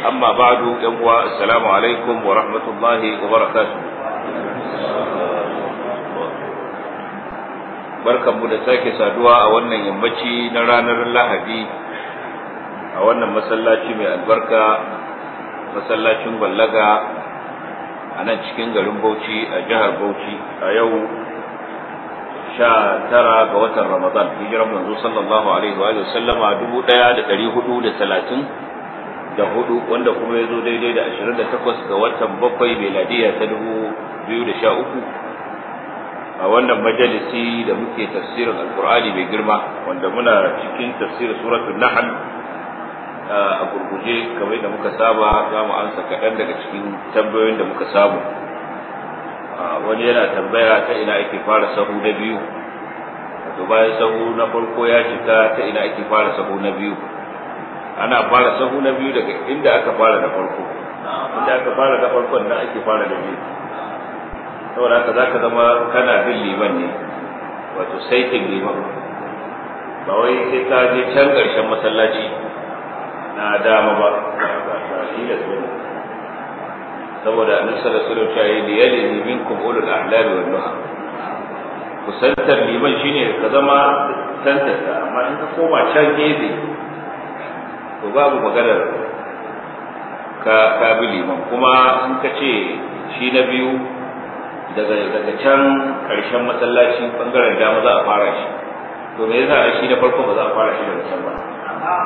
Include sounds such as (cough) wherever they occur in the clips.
amma ba'du yan uwa assalamu alaikum wa rahmatullahi wa barakatuh mu da sake saduwa a wannan yammaci na ranar lahadi a wannan masallaci mai albarka masallacin ballaga a nan cikin garin bauchi a jihar bauchi a yau sha tara ga watan ramadan hijiran manzo sallallahu alaihi wa sallama dubu ɗaya da ɗari hudu da talatin da hudu wanda kuma ya zo daidai da ashirin da takwas ga watan bakwai meladiya ta dubu biyu da sha uku a wannan majalisi da muke tafsirin alkur'ani mai girma wanda muna cikin tafsirin suratul nahl a gurguje kamar da muka saba za mu ansa kaɗan daga cikin tambayoyin da muka samu wani yana tambaya ta ina ake fara sahu na biyu wato bayan sahu na farko ya cika ta ina ake fara sahu na biyu ana fara sahu na biyu daga inda aka fara da farko inda aka fara na farko nan ake fara da biyu saboda haka zaka zama kana bin liman ne wato saitin liman ba wai sai ka je can ƙarshen masallaci na dama ba ba tilas ba saboda annabi sallallahu alaihi wasallam ya yi yali da ulul wa wal nuha kusantar liman shine ka zama kusantar amma in ka koma can gefe to babu maganar ka ka bi liman kuma in ka ce shi na biyu daga daga can karshen masallaci bangaren dama za a fara shi to me yasa shi na farkon ba za a fara shi daga can ba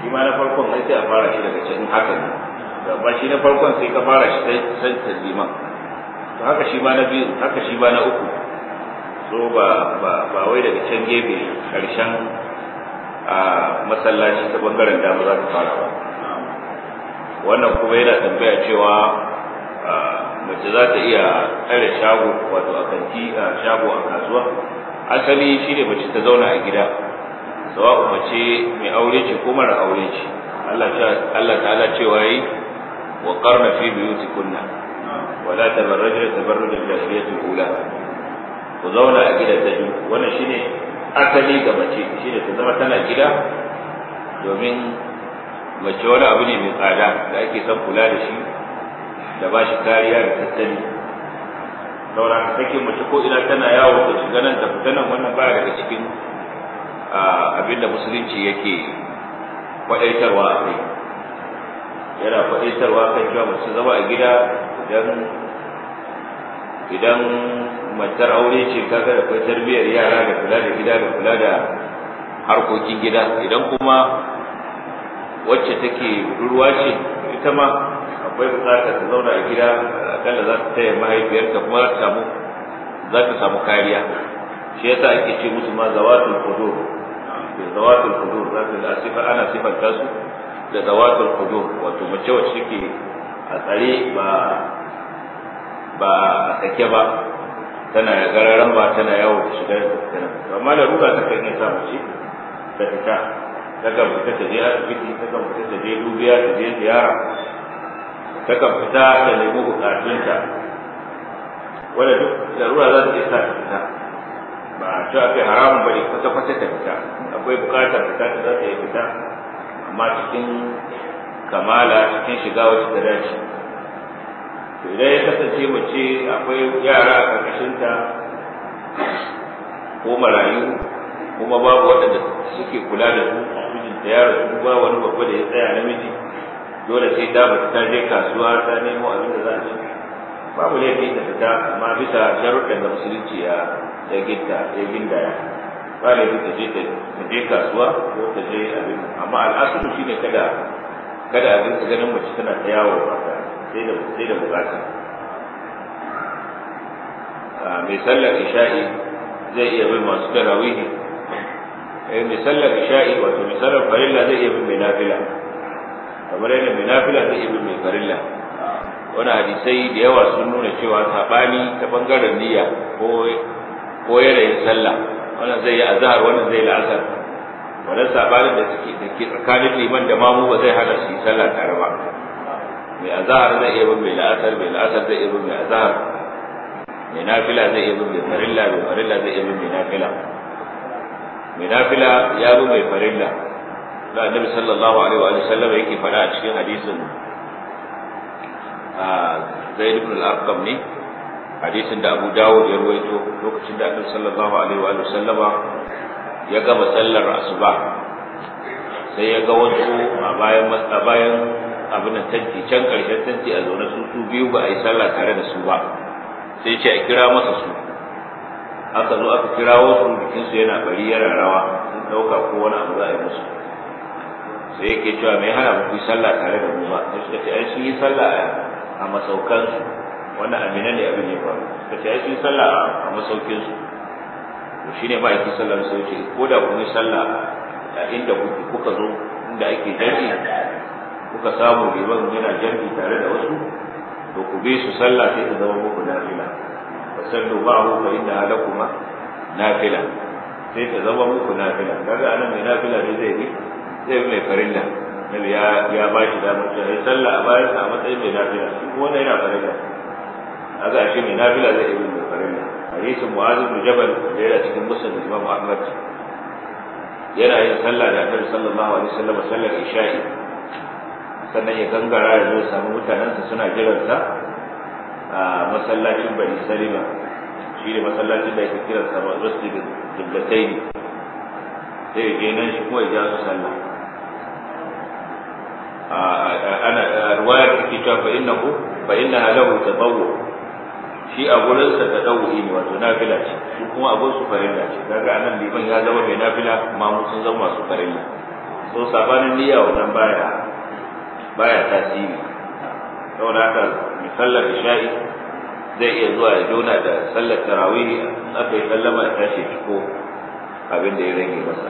shi ma na farkon sai a fara shi daga can haka ne amma shi na farkon sai ka fara shi sai san liman to haka shi ma na biyu haka shi ma na uku so ba ba ba wai daga can gefe karshen a masallaci ta bangaren dama za ta fara wannan kuma yana tambaya cewa mace za ta iya tsare shago wato a kanti a shago a kasuwa asali shi ne mace ta zauna a gida sawa'u mace mai aure ce ko mara aure ce Allah ta'ala cewa yi wa qarna fi buyutikunna wa la tabarrajna tabarruj al-jahiliyyah al-ula ku zauna a gidajen wannan shi ne. asali ga mace shi da ta zama tana gida domin mace wani abu ne mai tsada da ake son kula da shi da ba shi kariya da tattali sauran take mace ko ina tana yawo ta shiga nan ta fita nan wannan baya daga cikin abin da musulunci yake kwaɗaitarwa a kai yana kwaɗaitarwa kan cewa mace zama a gida idan matar aure ce kaga da akwai tarbiyyar yara da kula da gida da kula da harkokin gida idan kuma wacce take budurwa ce ita ma akwai bukatar ta zauna a gida akalla za ta taya mahaifiyarta kuma za ta samu za ta samu kariya shi yasa ake ce musu ma zawatul qudur zawatul kudur za ta sifa ana sifanta su da zawatul kudur wato mace wacce take a tsare ba ba sake ba tana ya gararan ba tana yawo ta shiga da tana amma da ruka ta kan sa mace ta fita ta kan fita ta je asibiti ta kan fita ta je dubiya ta je ziyara ta kan fita ta nemi bukatunta wanda duk larura za ta iya sa ta fita ba a ce akai haramun ne kwata kwata ta fita akwai bukatar fita ta za ta yi fita amma cikin kamala cikin shiga wacce ta dace to idan ya kasance mace akwai yara a ƙarƙashinta ko marayu kuma babu waɗanda suke kula da su a mijinta ya rasu ba wani babba da ya tsaya namiji dole sai ta ba ta je kasuwa ta nemo abin da za a ci babu laifi ta fita amma bisa sharuɗan da musulunci ya ya ginta ya gindaya ba ne ta je ta je kasuwa ko ta je abin amma al'asuru shine kada kada abin ganin mace tana ta yawo ba sai da bukata ah, mai sallar isha'i zai iya bin masu tarawihi eh, mai sallar isha'i wato mai sallar farilla zai iya bin mai nafila kamar yadda mai nafila zai iya bin mai farilla wani hadisai da yawa sun nuna cewa sabani ta bangaren niyya ko yanayin sallah wannan zai yi azhar wannan zai la'asar wannan sabanin da ke tsakanin liman da mamu ba zai hana su yi sallah tare ba mai azahar zai iya bin mai la'asar mai la'asar zai iya bin mai azahar. mai nafila zai iya bin mai farilla mai farilla zai iya bin mai nafila mai nafila ya bi mai farilla da annabi sallallahu alaihi wa sallam yake faɗa a cikin hadisin zaid ibn al-arqam ne hadisin da Abu Dawud ya ruwaito lokacin da Annabi sallallahu alaihi wa sallam ya gama sallar asuba sai ya ga wasu a bayan a bayan abin tanti can karshen tanti a zaune su su biyu ba a yi sallah tare da su ba sai ce a kira masa su aka zo aka kirawo su bikin su yana bari ya rarawa sun dauka ko wani abu za a yi musu sai yake cewa mai hana ku yi sallah tare da mu ba sai suka ce ai sun yi sallah a masaukan su wannan amina ne abin ya faru suka ce ai sun yi sallah a masaukin su to shine ba yake sallar sai ce ko da kun yi sallah inda kuka zo inda ake jami'i kuka samu liman yana jarbi tare da wasu to ku bi su sallah sai ta zama muku nafila fa sallu ba'hu fa inna kuma nafila sai ta zama muku nafila kaga anan mai nafila ne zai bi zai mai farilla nabi ya ya ba shi da ya sai sallah a bayan a matsayin mai nafila shi kuma wannan yana farilla kaga shi mai nafila zai yi mai farilla hadisin muazu bin jabal da yana cikin musulmi imam ahmad yana yin sallah da annabi sallallahu alaihi wasallam sallar isha'i sannan ya gangara ya zo samu mutanensa suna jiransa a masallacin bani salima shi ne masallacin da yake kiransa ba wasu su dubbatai ne sai ya nan shi kuma ya ja su sallah ana ruwayar take cewa fa innahu fa lahu tatawwu shi a gurin sa tadawwi ne wato nafila ce shi kuma abun su farilla ce kaga anan liban ya zama mai nafila amma mun sun zama masu farilla so sabanin niyya wannan baya baya tasiri saboda haka mai sallar isha'i zai iya zuwa ya jona da sallar tarawih in aka yi sallama ya tashi ciko abin da ya rage masa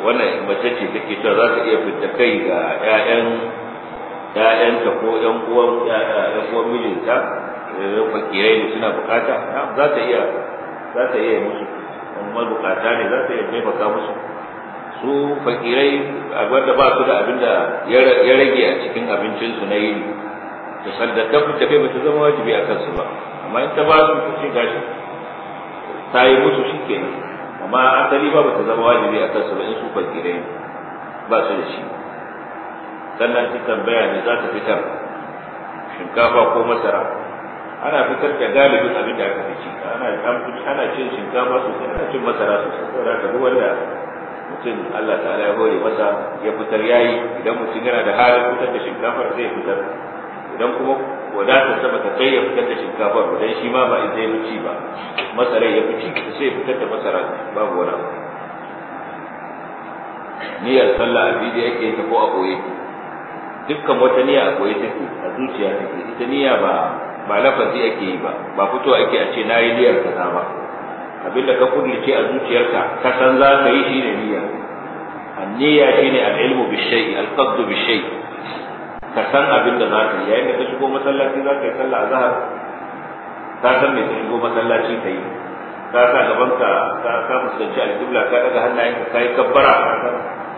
wannan mace ce take ta za ta iya fita kai ga 'ya'yan ‘ya'yanta ko ‘yan uwan uwan mijinta eh, fakirai ne suna bukata za ta iya za ta iya musu amma bukata ne za ta iya taimaka musu su fakirai wanda ba su da abin da ya rage a cikin abincinsu na yini to saddaka ku kai ba ta zama wajibi a kansu ba amma in ta ba su ta ce gashi ta yi musu shi kenan amma asali ba ba ta zama wajibi a kansu ba in su fakirai ba su da shi sannan ta tambaya ne za ta fitar shinkafa ko masara ana fitar da galibin abin da aka fi ci ana cin shinkafa sosai ana cin masara sosai saboda ka duk wanda mutum Allah ta'ala ya hore masa ya fitar yayi idan mutum yana da halin fitar da shinkafar zai fitar idan kuma wadatar sama ta kai ya fitar da shinkafar idan shi ma ba ya fi ci ba masarai ya fi ci sai fitar da masara babu wani abu niyyar sallah a fili yake ta ko a koye dukkan wata niyya a koye take a zuciya take ita niyya ba ba lafazi ake yi ba ba fito ake a ce na yi niyyar ta ba abinda ka kullace a zuciyarka ka san za ka yi shi ne niyya niyya shi ne al'ilmu bishai al'adu bishai ka san abinda za ka yi yayin da ka shigo masallaci za ka yi sallah a zahar ka san me ka shigo masallaci ka yi ka sa gaban ka ka ka fuskanci alƙibla ka daga hannayen ka kai kabbara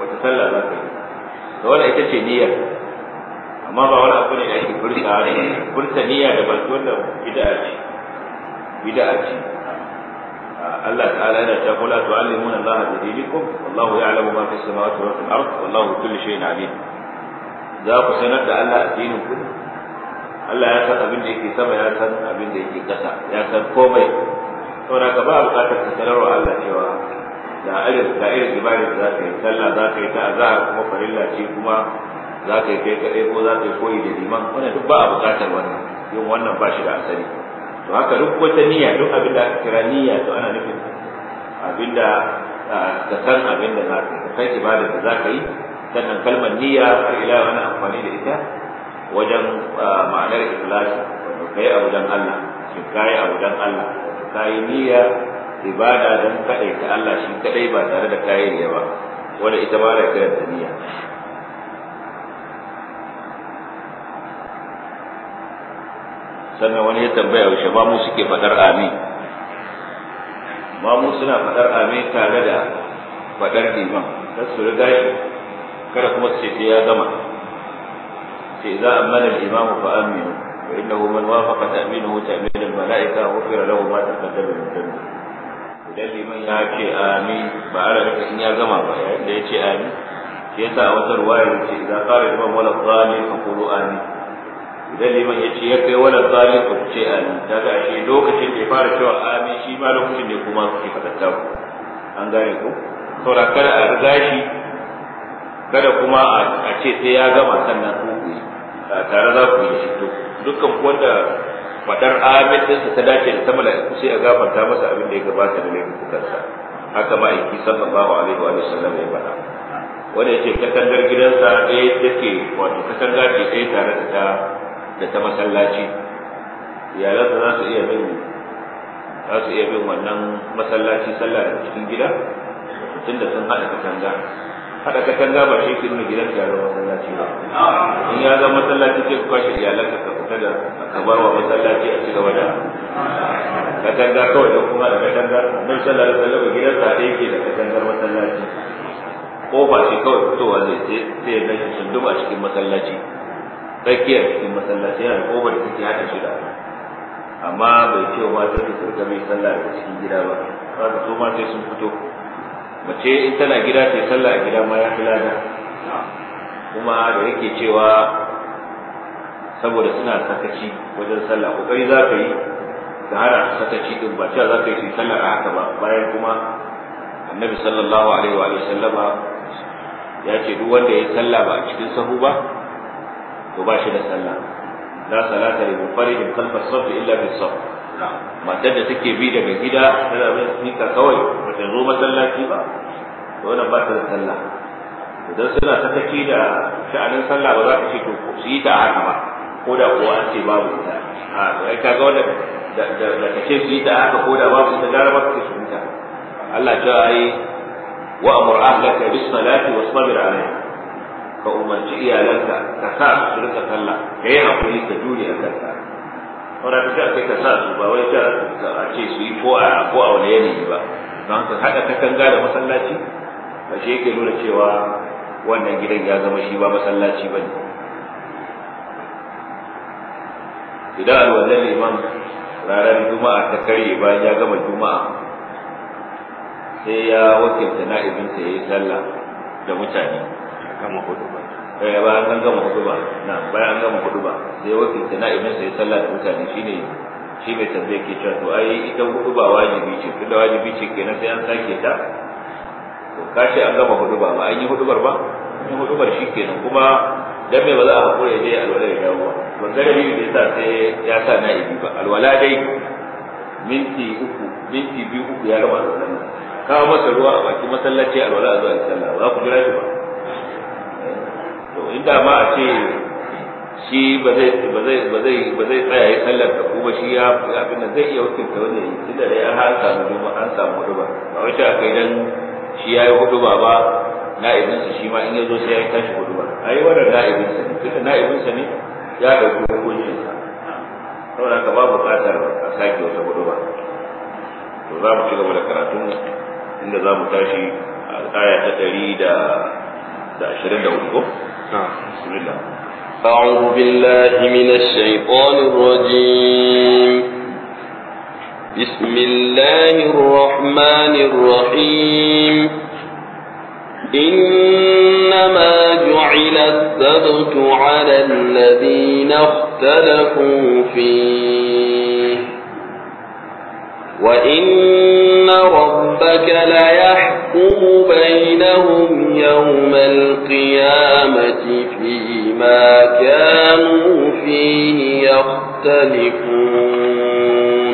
wata sallah za ka yi to wannan ita ce niyyar amma ba wani abu ne da ake furta ne furta niyya da ba wanda bid'a ce bid'a ce Allah ta'ala yana ta kula to alimuna Allah bi dinikum wallahu ya'lamu ma fi samawati wa fil ard wallahu kulli shay'in alim za ku sanar da Allah addinin ku Allah ya san abin da yake sama ya san abin da yake kasa ya san komai saboda gaba a bukatar ka sanarwa Allah cewa da irin da irin ibadar za ka yi sallah za ka yi ta azhar kuma farilla ce kuma za ka yi kai kadai ko za ka yi koyi da liman wannan duk ba a bukatar wannan yin wannan ba shi da asali to haka duk wata niyya duk abin da kira niyya to ana nufin abin da ka san abin da za ka yi kai ibada da za ka yi sannan kalmar niyya har ila ana amfani da ita wajen ma'anar ikhlasi wato kai abu dan Allah shi kai abu dan Allah kai niyya ibada dan kadai ta Allah shi kadai ba tare da kai ba wanda ita ma da ta niyya sannan wani ya tambaya yaushe ba mu suke faɗar amin ba mu suna faɗar amin tare da faɗar liman Kar su riga shi kada kuma su ce ya gama sai za a mana imamu fa aminu wa innahu man wafaqa wa ta'minu al-mala'ika ghufira lahu ma taqaddama min dhanbi idan liman ya ce amin ba a rarraka in ya gama ba yayin da ya ce amin Ke yasa a wata ruwaya ce idan qala liman wala qali fa qulu amin idan liman ya ce ya kai wala zalim ku ce an daga shi lokacin da ya fara cewa amin shi ma lokacin ne kuma suke fadanta ku an gane ku saboda kada a riga shi kada kuma a ce sai ya gama sannan ku tare za ku yi shi dukkan wanda fadar amin sa ta dace da sama mala'iku sai a gafarta masa abin da ya gabata da laifukansa haka yake sallallahu alaihi wa sallam ya faɗa wanda ya ce katangar gidansa ɗaya take wato katangar ce ɗaya tare da ta da ta masallaci iyalansa za su iya bin za su iya bin wannan masallaci sallah da cikin gida da sun haɗa katanga haɗa katanga ba shi kin gidan da zama masallaci ba in ya zama masallaci ke ku kwashe iyalan ka fita da ka bar wa masallaci a cikin wada katanga kawai da kuma da katanga annabi sallallahu alaihi wasallam gidan sa da yake da katangar masallaci ko ba shi kawai fitowa zai sai ya gashi sun duba cikin masallaci tsakiyar cikin masallaci yana da da cikin hada shida da amma bai ce wa matar da turka mai sallah da cikin gida ba za ta so ma sai sun fito mace in tana gida ta yi sallah a gida ma ya fi lada kuma da yake cewa saboda suna sakaci wajen sallah kokari za ka yi ka hana sakaci din ba cewa za ka yi su sallah a haka ba bayan kuma annabi sallallahu alaihi wa sallama ya ce duk wanda ya yi sallah ba a cikin sahu ba وباشر سلا لا صلاة لمنفرد خلف الصف إلا في الصف ما تجد تكي بيدا من كدا هذا من نيكا كوي وتنظوم سلا كيبا وانا باشر سلا ودرس لا تتكي دا شأن سلا وراء شكو سيطا عاما قودا قواتي بابو تا آه، وإيكا قولا لا تشير سيطا عاما قودا بابو تا باب بابو الله جاء وأمر أهلك بالصلاة واصبر عليها ka umarci iyalanka ka sa su su rika sallah ka yi hakuri ka jure a kanka wanda ta kai ka sa su ba wai ta a ce su yi ko a ko a wani yanayi ba don ka haɗa kanga da masallaci ba shi yake nuna cewa wannan gidan ya zama shi ba masallaci ba ne idan alwallan liman ranar juma'a ta karye bayan ya gama juma'a sai ya wakilta na'ibinsa ya yi sallah da mutane gama ba eh bayan an gama ba na bayan an gama ba sai wakilta na'ibin sai sallah da mutane shine shi mai tambaye ke cewa to ai ita ba wajibi ce tunda wajibi ce kenan sai an sake ta to kashi an gama hudu ba an yi bar ba an yi bar shi kenan kuma dan me ba za a hakura ya je alwala ya dawo ba ban ga dalili da yasa sai ya sa na'ibi ba alwala dai minti uku minti biyu uku ya gama alwala kawo masa ruwa a baki masallaci alwala a zuwa sallah ba za ku jira shi ba to inda ma a ce shi ba zai ba zai ba zai ba zai tsaya yi sallar ka kuma shi ya abin da zai iya wakilta wannan yi tunda dai an an samu juma an samu hudu ba wai aka yi dan shi yayi hudu ba ba na'ibin sa shi ma in yazo sai ya tashi hudu ba ai wannan na'ibin sa ne na'ibin sa ne ya dauki hukuncin sa saboda ka ba bukatar a sake wata hudu ba to za mu ci gaba da karatun inda za mu tashi a tsaya ta ɗari da ashirin da hudu نعم بسم الله أعوذ بالله من الشيطان الرجيم بسم الله الرحمن الرحيم إنما جعل السبت على الذين اختلفوا فيه وَإِنَّ رَبَّكَ لَيَحْكُمُ بَيْنَهُمْ يَوْمَ الْقِيَامَةِ فِيمَا كَانُوا فِيهِ يَخْتَلِفُونَ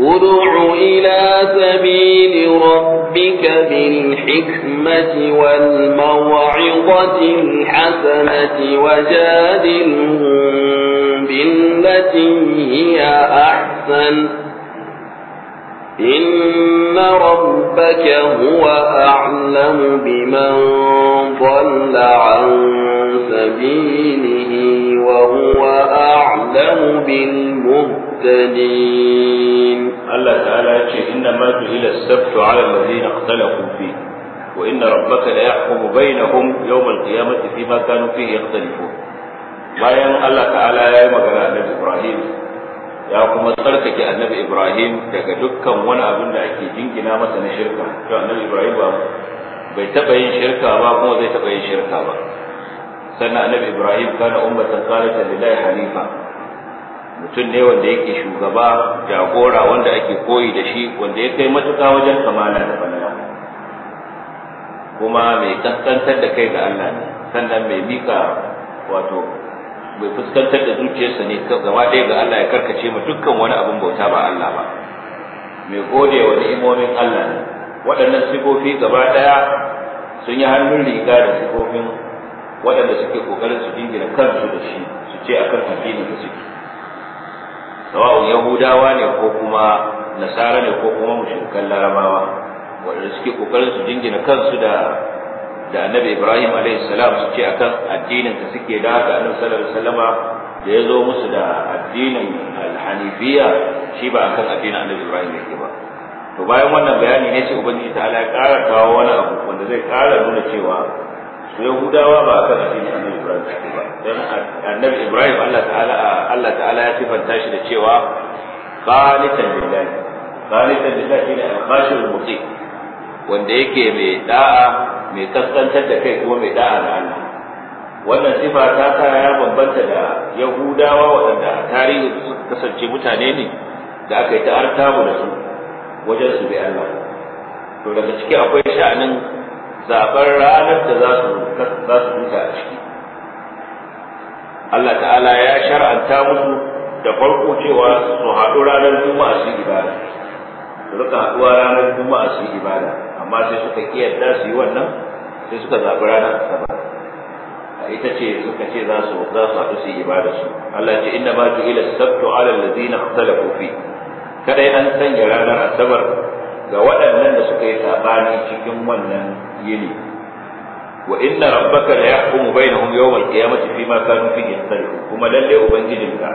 ادْعُ إِلَى سَبِيلِ رَبِّكَ بِالْحِكْمَةِ وَالْمَوْعِظَةِ الْحَسَنَةِ وَجَادِلْهُم بِالَّتِي هِيَ أَحْسَنُ أحسن إن ربك هو أعلم بمن ضل عن سبيله وهو أعلم بالمهتدين الله تعالى يقول إنما جهل السبت على الذين اختلفوا فيه وإن ربك ليحكم بينهم يوم القيامة فيما كانوا فيه يختلفون ما Allah تعالى يا yi magana da ya kuma tsarkake annabi Ibrahim daga dukkan wani abin da ake jingina masa na shirka to annabi Ibrahim ba bai taba yin shirka ba kuma zai taba yin shirka ba sannan annabi Ibrahim kana ummatan qanatan lillahi hanifa mutum ne wanda yake shugaba jagora wanda ake koyi da shi wanda ya kai matuƙa wajen kamala da falala kuma mai kaskantar da kai ga Allah sannan mai mika wato bai fuskantar da zuciyarsa ne gaba ɗaya ga Allah ya karkace ma dukkan wani abin bauta ba Allah ba mai gode wa ni'imomin Allah ne waɗannan sifofi gaba ɗaya sun yi hannun riga da sifofin waɗanda suke kokarin su jingina kansu da shi su ce a kan addinin da suke sawa'un yahudawa ne ko kuma nasara ne ko kuma mushrikan larabawa waɗanda suke kokarin su jingina kansu da da annabi ibrahim alaihi salam suke akan addinin da suke da haka annabi sallallahu alaihi wasallama da ya zo musu da addinin alhanifiya shi ba akan addinin annabi ibrahim yake ba to bayan wannan bayani ne sai ubangiji ta ala ƙara kawo wani abu wanda zai ƙara nuna cewa su yahudawa ba akan addinin annabi ibrahim suke ba dan annabi ibrahim Allah ta'ala Allah ta'ala ya sifanta shi da cewa qanitan lillahi qanitan lillahi ne al-qashir al-muqim wanda yake mai da'a mai kaskantar da kai kuma mai da'a da Allah wannan sifa ta sa ya bambanta da yahudawa waɗanda a tarihi su kasance mutane ne da aka yi ta tabu da su wajen su bi Allah to daga ciki akwai sha'anin zaɓar ranar da za su za su huta a ciki Allah ta'ala ya shar'anta musu da farko cewa su haɗu ranar juma'a su yi ibada su rika haɗuwa ranar juma'a su yi ibada amma sai suka kiyarda su yi wannan sai suka zaɓi ranar asabar ita ce suka ce za su za su haɗu su yi ibada su Allah ce inna ma ila sabtu ala allazina ikhtalafu fi kada an sanya ranar asabar ga waɗannan da suka yi sabani cikin wannan yini wa inna rabbaka la yahkumu bainahum yawm al-qiyamati fima kanu fihi yahtalifu kuma lalle ubangijinka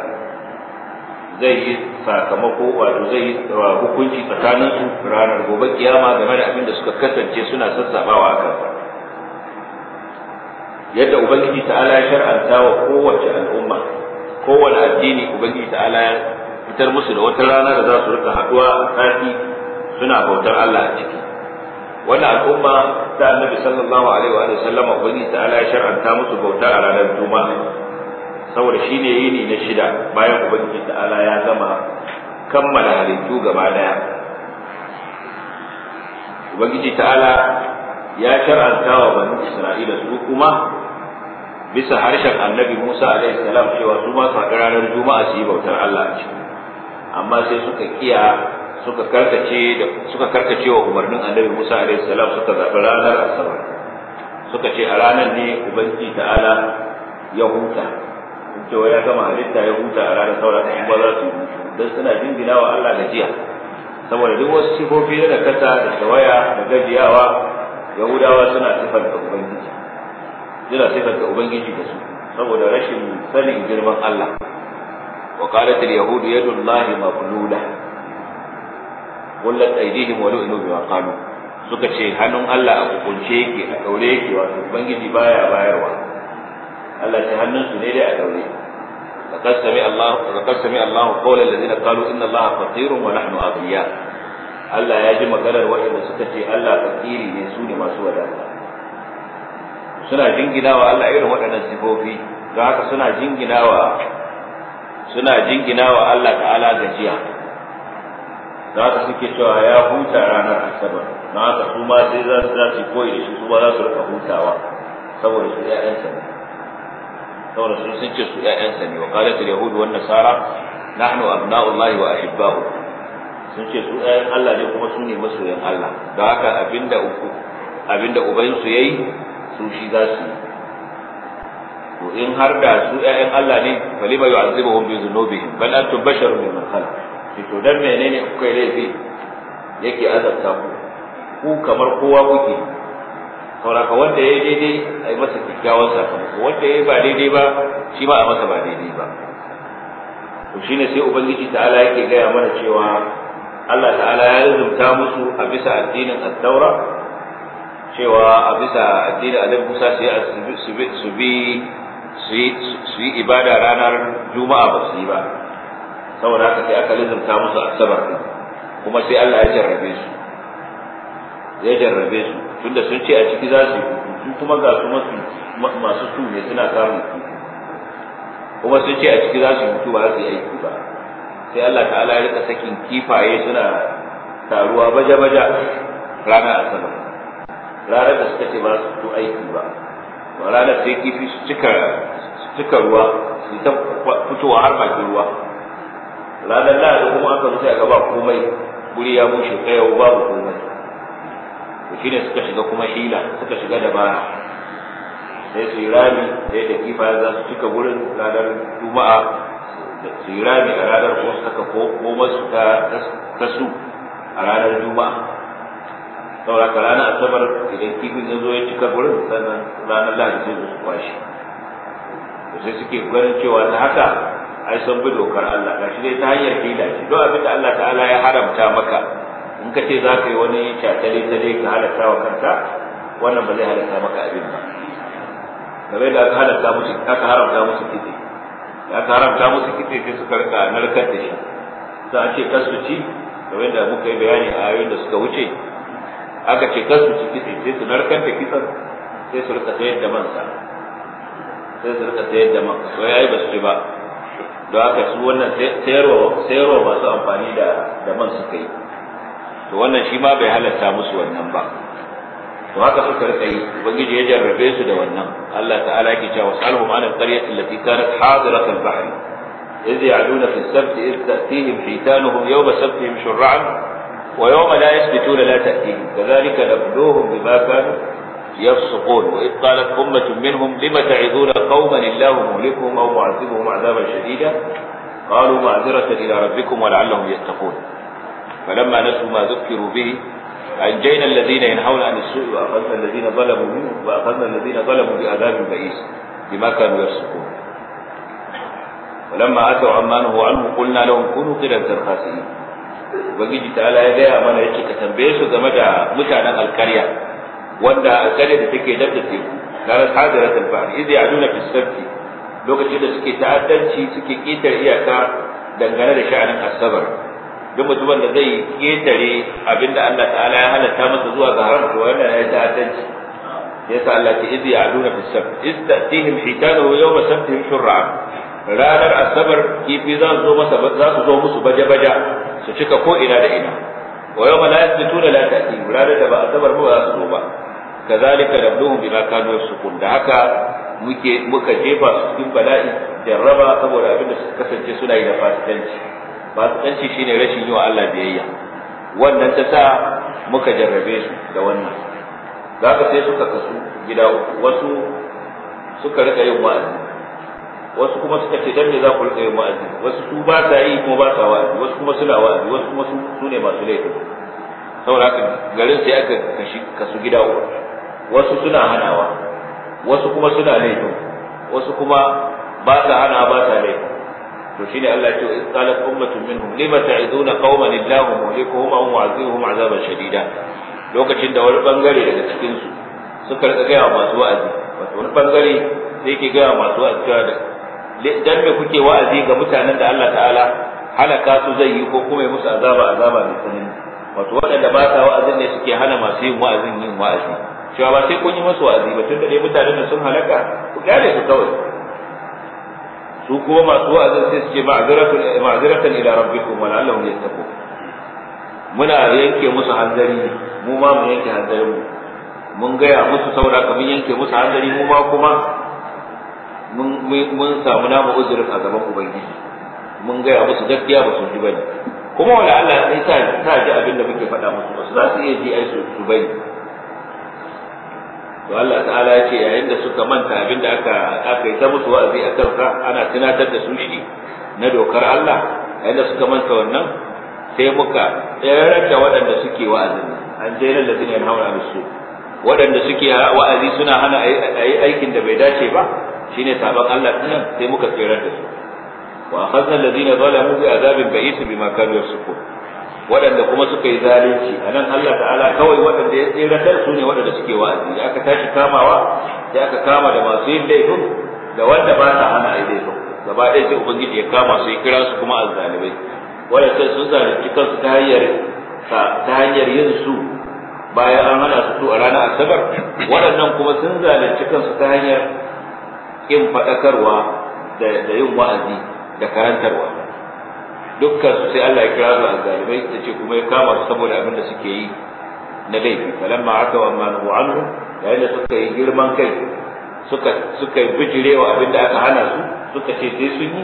zai yi sakamako wato zai yi hukunci tsakanin su ranar gobe kiyama game da abin da suka kasance suna sassabawa a kansa yadda ubangiji ta'ala ya shar'anta wa kowace al'umma kowane addini ubangiji ta'ala ya fitar musu da wata rana da za su rika haduwa a suna bautar Allah a ciki wannan al'umma ta annabi sallallahu alaihi wa sallam, ubangiji ta'ala ya shar'anta musu bauta a ranar juma'a saboda shi ne yini na shida bayan ubangiji ta'ala ya zama kammala halittu gaba daya ubangiji ta'ala ya shar'anta wa bani isra'ila su kuma bisa harshen annabi musa alaihi salam cewa su ma su haɗu ranar juma'a su yi bautar allah a amma sai suka kiya suka karkace da suka karkace wa umarnin annabi musa alaihi salam suka zaɓi ranar asabar suka ce a ranar ne ubangiji ta'ala ya huta cewa ya gama halitta ya huta a ranar saura ta ba za su don suna jingina wa Allah da jiya. saboda duk wasu sifofi na kasa da shawaya da gajiyawa yahudawa suna da ubangiji suna da ubangiji da su saboda rashin sanin girman Allah wa qalat al yahud yadu Allah maqluda wallat aydihim wa lu'nu bi qalu suka ce hannun Allah a kukunce yake a daure yake wato ubangiji baya bayarwa Allah ce hannunsu ne dai a daure laqad sami Allah laqad sami Allah qawla alladhina qalu inna Allah faqirun wa nahnu aghniya Allah ya ji maganar waɗanda suka ce Allah fakiri ne su ne masu wadata suna jinginawa Allah irin waɗannan sifofi don haka suna jinginawa suna jinginawa Allah ta'ala gajiya don haka suke cewa ya huta ranar asabar don haka su ma sai za su koyi da shi su ba za su rika hutawa saboda su 'ya'yansa ne saboda sun sun ce su ƴaƴansa ne wa qalat al yahud wa nasara nahnu abna'ullahi wa ahibba'u sun ce su ƴaƴan Allah ne kuma su ne masoyan Allah don haka abinda uku abinda uban su yayi su shi za su to in har da su ƴaƴan Allah ne falima yu'azibuhum bi dhunubihim bal antum basharun khalq khalaq to dan menene kuka laifi yake azabta ku ku kamar kowa kuke sauraka wanda ya yi daidai a yi masa kyakkyawan sakamako wanda ya yi ba daidai ba shi ba a masa ba daidai ba to ne sai ubangiji ta'ala yake gaya mana cewa Allah ta'ala ya rizumta musu a bisa addinin addaura cewa a bisa addinin annabi Musa sai su su bi su yi ibada ranar juma'a ba su yi ba saboda haka sai aka lizumta musu asabar kuma sai Allah ya jarrabe su ya jarrabe su tunda sun ce a ciki za su su kuma ga su masu su ne suna samun su kuma sun ce a ciki za su mutu ba za su yi aiki ba sai Allah ta'ala ya rika sakin kifaye suna taruwa baja-baja rana a sama ranar da suka ce ba su fito aiki ba ba ranar sai kifi su cika cika ruwa su ta fitowa har bakin ruwa ranar lahadi kuma aka mutu a gaba komai guri ya bushe kayau babu komai shi ne suka shiga kuma shila suka shiga dabara sai su yi rami sai da kifa za su cika wurin ranar juma'a su yi rami a ranar ko saka koma su ta su a ranar juma'a saboda ka ranar asabar idan kifin ya zo ya cika wurin sannan ranar lahadi sai su kwashi sai suke ganin cewa na haka ai san bi dokar Allah gashi dai ta hanyar hila ce don abin da Allah ta'ala ya haramta maka in ka ce za ka yi wani ta dai ka halatta wa kanta wannan ba zai halatta maka abin ba bai da aka halatta musu aka haramta musu kitse aka haramta musu kitse sai suka rika narkar da shi sai a ce kasu ci game da muka yi bayani a ayoyin da suka wuce aka ce kasu ci kitse sai su narkar da kitsen sai su rika sayar da mansa sai su rika sayar da man to yayi ba su ci ba don haka su wannan sayarwa masu amfani da man suka yi to wannan shi ma bai halatta musu wannan ba to haka suka rika yi ubangiji ya jarrabe su da wannan Allah ta'ala yake cewa salhum an al-qaryati allati kanat hadirat al-bahr إذ يعدون في السبت إذ تأتيهم حيتانهم يوم سبتهم شرعا ويوم لا يثبتون لا تأتيهم كذلك نبلوهم بما كانوا يفسقون وإذ قالت أمة منهم لم تعظون قوما الله مهلكهم أو معذبهم عذابا شديدا قالوا معذرة إلى ربكم ولعلهم يتقون falamma nasu ma zukkiru bihi أنجينا الذين ينهون عن السوء وأخذنا الذين ظلموا وأخذنا الذين ظلموا بعذاب بئيس بما كانوا يفسقون ولما أتوا عما نهوا عنه قلنا لهم كونوا قردة خاسئين ubangiji ta ala ya gaya mana yake ka tambaye su game da mutanen alkarya wanda alkarya da take dab da teku ranar hadirat al-bahr idh ya'duna fi sabti lokacin da suke ta'addanci suke kitar iyaka dangane da sha'anin asabar duk mutumin da zai ketare abinda Allah ta'ala ya halatta masa zuwa ga haram to wannan ya tanci yasa Allah ta izi ya'duna fi sabt iz ta'tihim hitanuhu yawma sabtihim shurra ranar asabar kifi za su zo masa za su zo musu baje baje su cika ko ina da ina wa yawma la yasbituna la ta'ti ranar da ba asabar ba za su zo ba kazalika nabluhum bima kanu yasukun da haka muke muka jefa su cikin bala'i jarraba saboda abin da suka kasance suna yi da fasikanci fasikanci shine rashin yi wa Allah biyayya wannan ta sa muka jarrabe su da wannan zaka sai suka kasu gida wasu suka rika yin wa'azi wasu kuma suka ce dan me za ku rika yin wa'azi wasu su ba sa yi kuma ba sa wa'azi wasu kuma suna wa'azi wasu kuma su ne masu laifi saboda haka garin sai aka kashi kasu gida uku, wasu suna hanawa wasu kuma suna laifin wasu kuma ba sa hana ba sa laifin to shi ne Allah ya ce in qalat ummatun minhum lima ta'iduna qauman illahu muhlikuhum aw mu'azibuhum azaban shadida lokacin da wani bangare daga cikin su suka rika gaya masu wa'azi wato wani bangare sai yake gaya masu wa'azi cewa dan me kuke wa'azi ga mutanen da Allah ta'ala halaka su zai yi ko kuma musu azaba azaba mai tsanani wato waɗanda ba sa wa'azi ne suke hana masu yin wa'azin yin wa'azi cewa ba sai kun yi masu wa'azi ba tun da dai mutanen da sun halaka ku gane su kawai su kuma masu wa'azin sai su ce ma'aziratan ila rabbikum wa la'allahum yattaqun muna yanke musu hanzari mu ma mu yanke hanzari mu mun gaya musu saboda ka mun yanke musu hanzari mu ma kuma mun samu namu uzurin a gaban ubangiji mun gaya musu gaskiya ba su ji bane kuma wala Allah sai ta ji abin da muke faɗa musu ba su za su iya ji ai su bane to Allah ta'ala ya ce yayin da suka manta abin da aka aka yi ta musu wa'azi a kansa ana tunatar da su shi na dokar Allah yayin da suka manta wannan sai muka tsayar da waɗanda suke wa'azi. an jera ladina yanhauna su. waɗanda suke wa'azi suna hana aikin da bai dace ba shine sabon Allah din sai muka tsayar da su wa akhadna alladhina zalamu bi azabin ba'is bima kanu yasqun waɗanda kuma suka yi zalunci a nan Allah ta'ala kawai waɗanda ya tseratar su ne waɗanda suke wa'azi da aka tashi kamawa sai aka kama da masu yin laifin da wanda ba ta hana a yi laifin gaba ɗaya sai ubangiji ya kama su ya kira su kuma azzalimai wanda sai sun zalunci kansu ta hanyar ta hanyar yin su bayan an hana su su a ranar asabar waɗannan kuma sun zalunci kansu ta hanyar ƙin faɗakarwa da yin wa'azi da karantarwa dukkan sai Allah ya kira su azzalimai da ce kuma ya kama su saboda abin da suke yi na laifi falamma aka wa man anhu yayin da suka yi girman kai suka suka yi bijirewa abin da aka hana su suka ce sai sun yi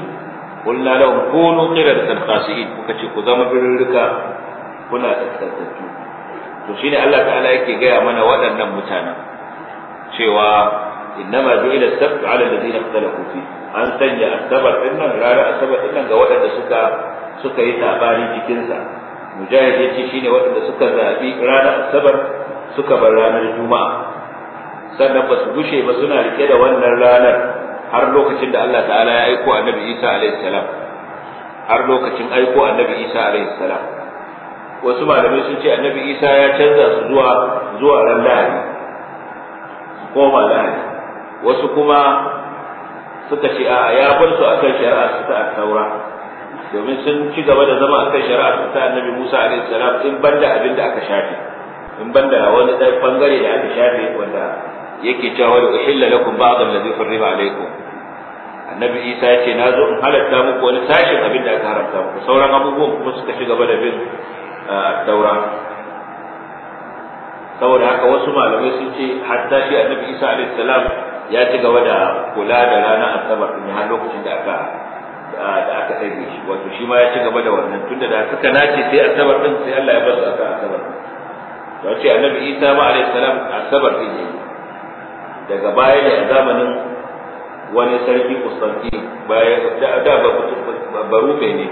qulna lahum kunu qiradatan khasi'in kuka ce ku zama birrika kuna tsattattu to shine Allah ta'ala yake gaya mana waɗannan mutanen cewa innama ju'ila as-sabt 'ala alladhina ikhtalafu fihi an sanya asabar din nan ranar asabar din nan ga waɗanda suka suka yi sabani jikinsa. mujahid ya ce shine waɗanda suka zaɓi ranar asabar suka bar ranar juma'a sannan ba su gushe ba suna rike da wannan ranar har lokacin da Allah ta'ala ya aiko annabi Isa alayhi salam har lokacin aiko annabi Isa alayhi salam wasu malamai sun ce annabi Isa ya canza su zuwa zuwa ran lahadi koma lahadi wasu kuma suka ce a ya bar su akan shari'a su ta taura domin sun ci gaba da zama akan shari'a su ta annabi Musa alaihi salam in banda abin da aka shafe in banda wani dai bangare da aka shafe wanda yake cewa wa uhilla lakum ba'd allazi harrama alaikum annabi Isa ya ce nazo in halatta muku wani sashin abin da aka haramta muku sauran abubuwan kuma suka ci gaba da bin taura saboda haka wasu malamai sun ce hatta shi annabi Isa alaihi salam ya ci gaba da kula da ranar asabar din har lokacin da aka da aka ɗage shi wato shi ma ya ci gaba da wannan tunda da suka nace sai asabar din sai Allah ya basu aka asabar to ce annabi Isa ma alayhi salam asabar din ne daga baya ne a zamanin wani sarki Kusanti bayan da da babu ne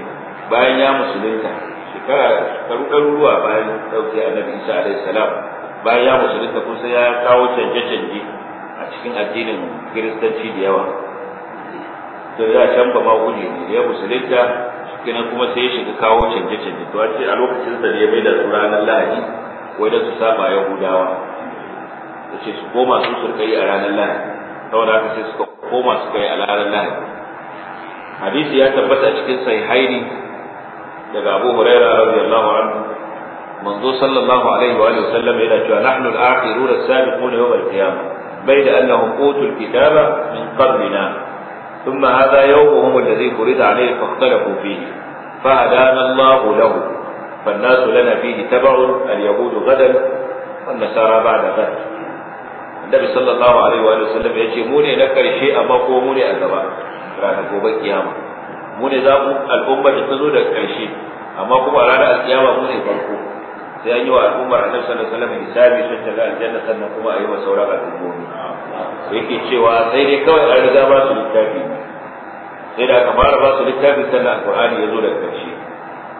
bayan ya musulunta shekara karu ɗaruruwa bayan ɗauke annabi Isa alayhi salam bayan ya musulunta kun sai ya kawo canje-canje cikin addinin kiristanci da yawa to ya can ba ma guje ne ya musulunta kenan kuma sai ya shiga kawo canje-canje to ce a lokacin da ya mai da su ranar lahadi wai da su saba yahudawa da ce su koma su su yi a ranar lahadi saboda haka sai su koma su yi a ranar lahadi hadisi ya tabbata cikin cikin sahihaini daga abu Hurairah radiyallahu anhu manzo sallallahu alaihi wa alihi wasallam yana cewa nahnu al-akhiruna as-sabiquna yawm al-qiyamah بين أنهم أوتوا الكتاب من قبلنا ثم هذا يومهم الذي فرض عليه فاختلفوا فيه فهدانا الله له فالناس لنا فيه تبع اليهود غدا والنصارى بعد غد النبي صلى الله عليه وآله وسلم يجي موني نكر شيء أما قوموني أذبا رانا قوبا قيامة موني ذا الأمة تنزو لك أي شيء أما قوم رانا القيامة موني فرقوه sai an yi wa al'ummar annabi sallallahu alaihi wasallam hisabi sun tafi aljanna sannan kuma a yi wa sauran al'ummomi yake cewa sai dai kawai an riga ba su littafi sai da aka fara ba su littafi sannan alqur'ani ya zo da ƙarshe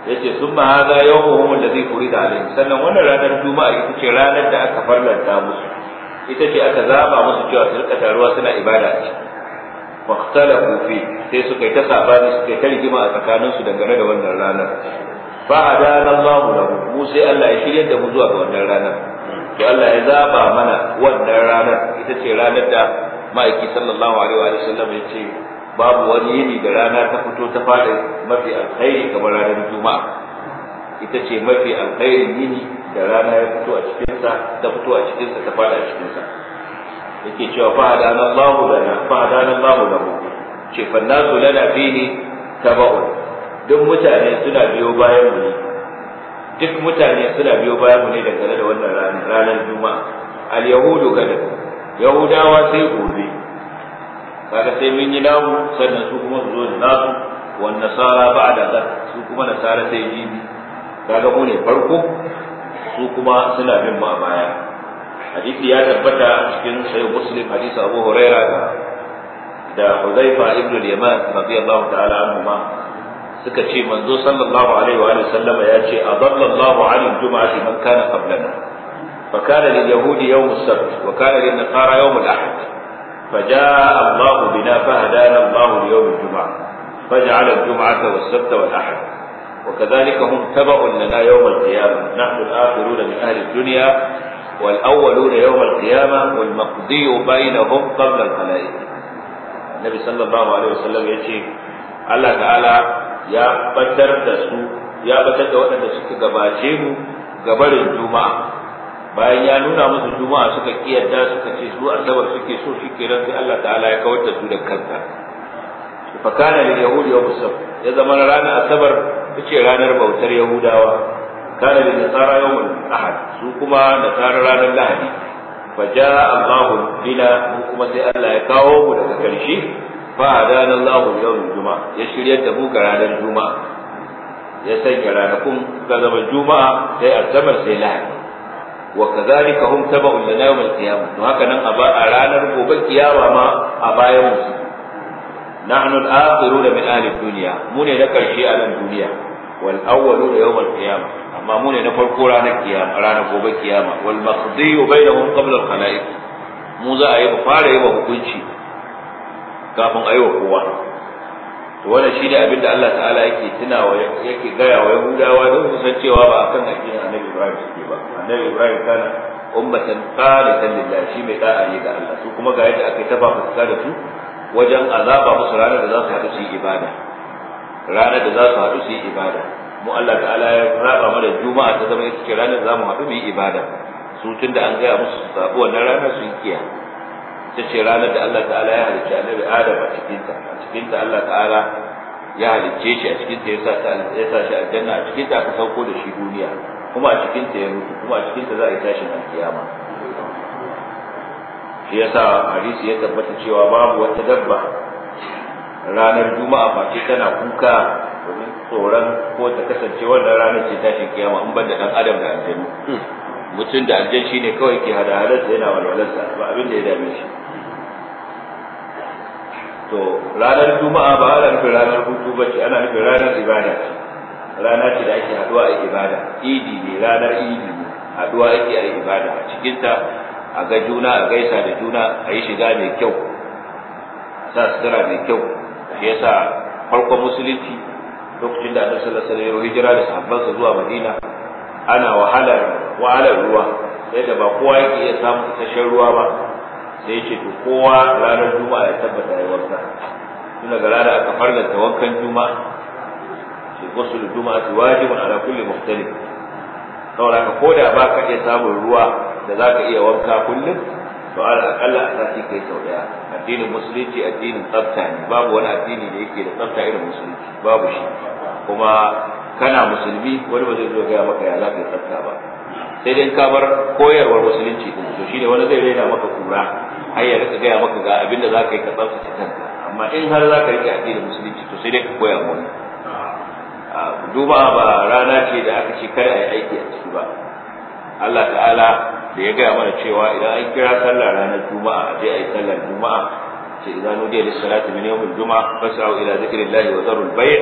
yace summa hadha yawmuhum alladhi furida alayhi sannan wannan ranar juma'a ita ce ranar da aka farlanta musu ita ce aka zaba musu cewa su rika taruwa suna ibada ce واختلفوا fi sai suka yi ta sabani suka yi ta rigima a tsakaninsu dangane da wannan ranar fa adana Allah lahu mu sai Allah ya shirye da mu zuwa ga wannan ranar to Allah ya zaba mana wannan ranar ita ce ranar da ma'aiki sallallahu alaihi wa sallam ya ce babu wani yini da rana ta fito ta fada mafi alkhairi kamar ranar juma'a ita ce mafi alkhairi yini da rana ya fito a cikinsa ta fito a cikinsa ta fada a sa yake cewa fa adana Allah lana fa adana Allah lahu ce fa nasu lana fihi tabu'un duk mutane suna biyo bayan mu ne duk mutane suna biyo bayan mu ne dangane da wannan ranar juma'a al yahudu kada yahudawa sai gobe kaga sai mun yi namu sannan su kuma su zo da nasu wan nasara ba'da zak su kuma nasara sai jibi kaga mu ne farko su kuma suna bin mu a baya hadisi ya tabbata cikin sai muslim hadisi abu huraira da da huzaifa ibn al-yaman radiyallahu ta'ala anhu ma suka ce manzo sallallahu alaihi wa sallama ya ce adallallahu alil juma'ati man kana qablana fa kana lil yahudi yawm as-sabt wa kana lin nasara yawm al fa jaa Allah bina fa وكذلك هم تبع لنا يوم القيامة نحن الآخرون من أهل الدنيا والأولون يوم القيامة والمقضي بينهم قبل الخلائق النبي صلى الله عليه وسلم يقول الله تعالى ya batar da su ya batar da waɗanda suka gabace mu gabarin juma'a bayan ya nuna musu juma'a suka kiyarda suka ce su asabar suke so shi kenan sai Allah ta'ala ya kawar da su da kanta fa kana lil yahudi wa musab ya zama ranar asabar tace ranar bautar yahudawa kana lil nasara yawmul ahad su kuma nasara ranar lahadi fa jaa Allahu bina kuma sai Allah ya kawo mu daga karshe fa adana Allahu yawm juma'a ya shiryar da buga ga ranar juma'a ya sanya ranakun ga juma'a sai asabar sai lahadi wa kadhalika hum tabu'un lana yawm al-qiyamah to haka nan a ranar gobe kiyama ma a bayan mu nahnu al-akhirun min ahli dunya mu ne na karshe a nan duniya wal awwalu yawm al-qiyamah amma mu ne na farko ranar kiyama al mu za a yi fara yi wa hukunci kafin wa kowa to wannan ne abin da Allah ta'ala yake tunawa yake gaya wa Yahudawa don su san cewa ba akan addinin Annabi Ibrahim suke ba Annabi Ibrahim kana ummatan qalatan lillahi shi mai da'a ne ga Allah su kuma ga yadda aka taba fuska da su wajen azaba musu ranar da za su haɗu su ibada ranar da za su haɗu su yi ibada mu Allah ta'ala ya raba mana juma'a ta zama ita ce ranar za mu haɗu mu yi ibada su tun da an gaya musu su ranar su yi kiyaye ita ce ranar da Allah ta'ala ya halicci annabi Adam a cikinta a cikinta Allah ta'ala ya halicce shi a cikinta ya sa ya sa shi aljanna a cikinta aka sauko da shi duniya kuma a cikinta ya mutu kuma a cikinta za a yi tashin alkiyama shi yasa hadisi ya tabbata cewa babu wata dabba ranar juma'a ce tana kuka domin tsoron ko ta kasance wannan ranar ce tashin kiyama in ban da dan adam da aljanu hmm. mutum da aljan ne kawai ke hada hadar yana walwalarsa ba abin da ya dame shi to ranar juma'a ba ana nufin ranar hutu ba ce ana nufin ranar ibada ce rana ce da ake haduwa a ibada idi ne ranar idi ne haduwa ake a ibada a cikinta a ga juna a gaisa da juna a yi shiga mai kyau sa sutura mai kyau shi yasa farkon musulunci lokacin da annabi sallallahu alaihi wasallam hijira da sahabbansa zuwa madina ana wahalar wahalar ruwa sai da ba kowa yake iya samun isasshen ruwa ba sai ya ce to kowa ranar juma'a ya tabbata ya wanka tun daga ranar aka farganta wankan juma'a shi da juma'a su wajibin ala kulli muhtalif saboda ka koda ba ka iya samun ruwa da za ka iya wanka kullum to ala akalla a sati kai sau daya addinin musulunci addinin tsafta ne babu wani addini da yake da tsafta irin musulunci babu shi kuma kana musulmi wani ba zai zo gaya maka ya za ka yi tsafta ba sai dai ka bar koyarwar musulunci din to shine wani zai raina maka kura har ya rika gaya maka ga abinda za ka yi ka tsaftace kanka amma in har za ka rika addinin musulunci to sai dai ka koya mu duba ba rana ce da aka ce kada a yi aiki a ciki ba Allah ta'ala da ya gaya mana cewa idan an kira sallar ranar juma'a a je a yi sallar juma'a ce idan nudiya da salatu min yawmil juma'a fas'au ila zikrillahi wa dharul bay'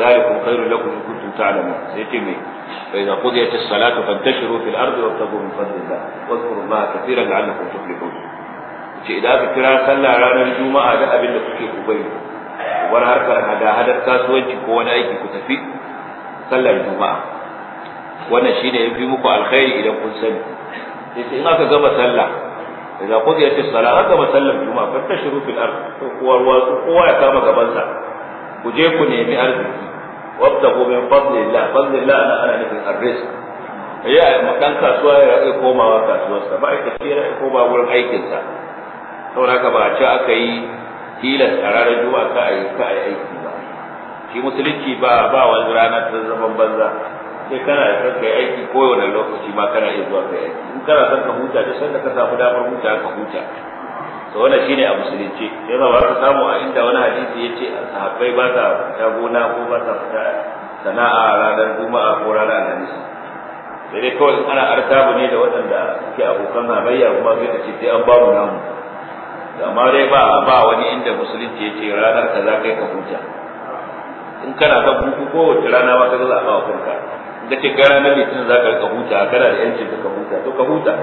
zalikum khairul lakum in kuntum ta'lamun sai ce me fa idza qudiyat as-salatu fantashiru fil ardi wabtaghu min fadlillah wa dhkuru allaha katiran la'allakum tuflihun ce idan aka kira sallah ranar juma'a da abin da kuke ku bari wani harkar hada-hadar kasuwanci ko wani aiki ku tafi sallar juma'a wannan shine yafi muku alkhairi idan kun sani sai in aka gama sallah idza qudiyat as-salah aka gama sallar juma'a fantashiru fil ard kowa kowa ya kama gabansa ku je ku nemi arziki wabtahu min fadlillah fadlillah ana ana nufin arrizq ya dan kasuwa ya komawa kasuwarsa ma'aikaci ya komawa wurin aikinsa saboda ka ba ce aka yi tilas a ranar juma'a ka a yi ka a yi aiki ba shi musulunci ba ba wani rana ta zaman banza sai kana da kanka yi aiki kowane lokaci ma kana iya zuwa kai aiki in kana son ka huta da sanda ka samu damar huta ka huta to wannan shine a musulunci sai ba ka samu a inda wani hadisi a sahabbai ba sa fita gona ko ba sa fita sana'a ranar juma'a ko ranar alhamis sai dai kawai ana artabu ne da waɗanda suke abokan hamayya kuma sai a ce sai an bamu namu amma dai ba ba wani inda musulunci ya ce ranar ka za kai ka huta in kana ta buku kowace rana ba ka za a bawa kanka in ka ce kai ranar litinin za ka huta kana da yancin ka huta to ka huta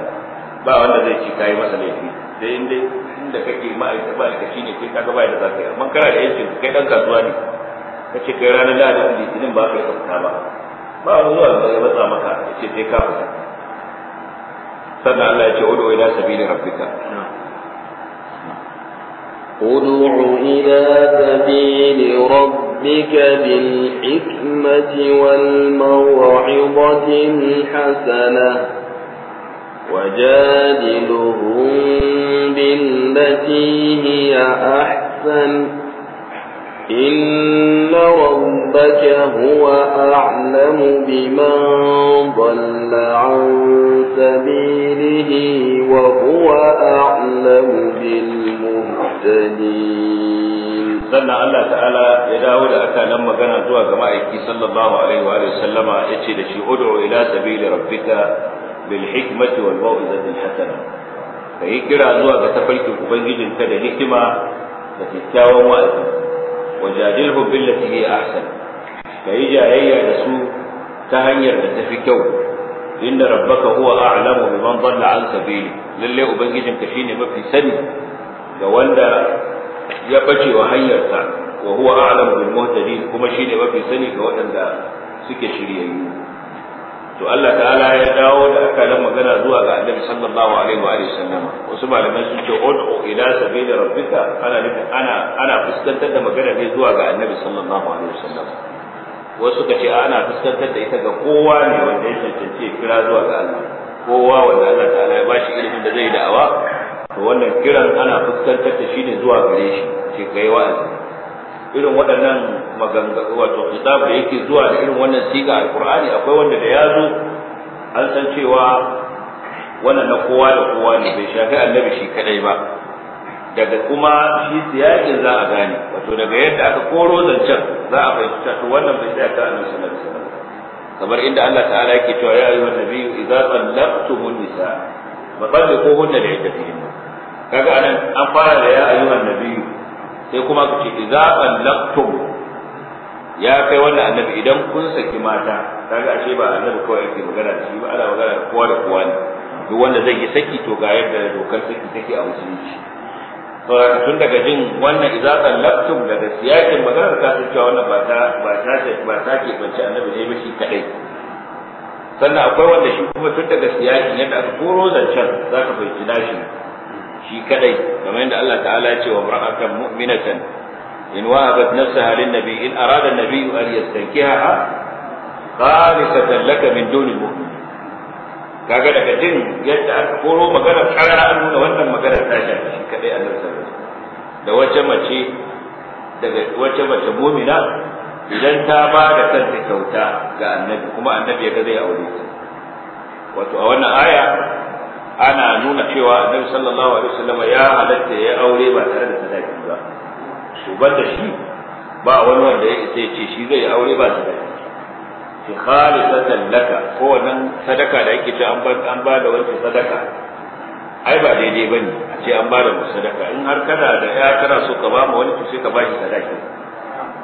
ba wanda zai ce kai masa laifi dai in dai inda kake ma'aikata ba ka shine kai ka gaba da za ka yi amma kana da yancin kai dan kasuwa ne ka ce kai ranar lahadin litinin ba ka fita ba ba wani zuwa da ya matsa maka ya ce sai ka fita sannan Allah ya ce udu ila sabili rabbika ادع إلى سبيل ربك بالحكمة والموعظة الحسنة وجادلهم بالتي هي أحسن إن ربك هو أعلم بمن ضل عن سبيله وهو أعلم بالله sannan Allah ta'ala ya dawo da akalan magana zuwa ga ma'aiki sallallahu alaihi wa alihi sallama yace da shi ud'u ila sabili rabbika bil hikmati wal mau'izati hasana kai kira zuwa ga tafarkin ubangijinka da hikima da kyakkyawan wa'azi wajadilhu billati hi ahsan kai jayayya da su ta hanyar da tafi kyau inda rabbaka huwa a'lamu biman dalla an sabili lalle ubangijinka shine mafi sani ga wanda ya bace wa hanyarsa wa huwa a'lam bil muhtadin kuma shine mafi sani ga waɗanda suke shiryayyu to Allah ta'ala ya dawo da akalan magana zuwa ga Annabi sallallahu alaihi wa alihi sallam wasu malamai sun ce ud'u ila sabili rabbika ana nufin ana ana fuskantar da magana ne zuwa ga Annabi sallallahu alaihi wa sallam wasu ka ce ana fuskantar da ita ga kowa ne wanda ya cancanci kira zuwa ga Allah kowa wanda Allah ta'ala ya bashi ilimin da zai da'awa to wannan kiran ana fuskantar da shi ne zuwa gare shi shi kai wa'azi irin waɗannan maganganu wato kitab da yake zuwa da irin wannan siga alqur'ani akwai wanda da ya zo an san cewa wannan na kowa da kowa ne bai shafi annabi shi kadai ba daga kuma shi siyakin za a gane wato daga yadda aka koro zancen za a fahimci to wannan bai tsaya ta annabi sallallahu alaihi kamar inda Allah ta'ala yake cewa ya ayyuhan nabiyyu idza tallaqtumun nisa fatalliquhunna li iddatihinna kaga anan an fara da ya ayyuhan nabiyyu sai kuma ku ce idza ballaqtum ya kai wannan annabi idan kun saki mata kaga ashe ba annabi kawai ake magana shi ba ana magana da kowa da kowa ne duk wanda zai yi saki to ga yadda dokar saki take a musulunci saboda tun daga jin wannan idza ballaqtum daga siyakin magana ta cewa wannan ba ta ba ta ba ta ke bace annabi ne ba shi kadai sannan akwai wanda shi kuma tun daga siyakin yadda aka koro zancen zaka fahimci nashi shi kadai kamar yadda Allah ta'ala ya ce wa mar'atan mu'minatan in wa'abat nafsaha lin nabi in arada an-nabi an yastankiha khalisatan laka min duni mu'min kaga daga din yadda aka koro magana karara an nuna wannan magana ta shafi shi kadai Allah sallallahu alaihi wasallam da wace mace daga wace mace mu'mina idan ta ba da kanta kyauta ga annabi kuma annabi ya ga zai aure ta wato a wannan aya ana nuna cewa annabi sallallahu alaihi wasallam ya halatta ya aure ba tare da sadaki ba to banda shi ba wani wanda ya ce shi zai aure ba sadaki fi khalisatan laka ko wannan sadaka da ake ce an ba an ba da wani sadaka ai ba daidai bane a ce an ba da sadaka in har kana da ya kana so ka ba mu wani to sai ka ba shi sadaki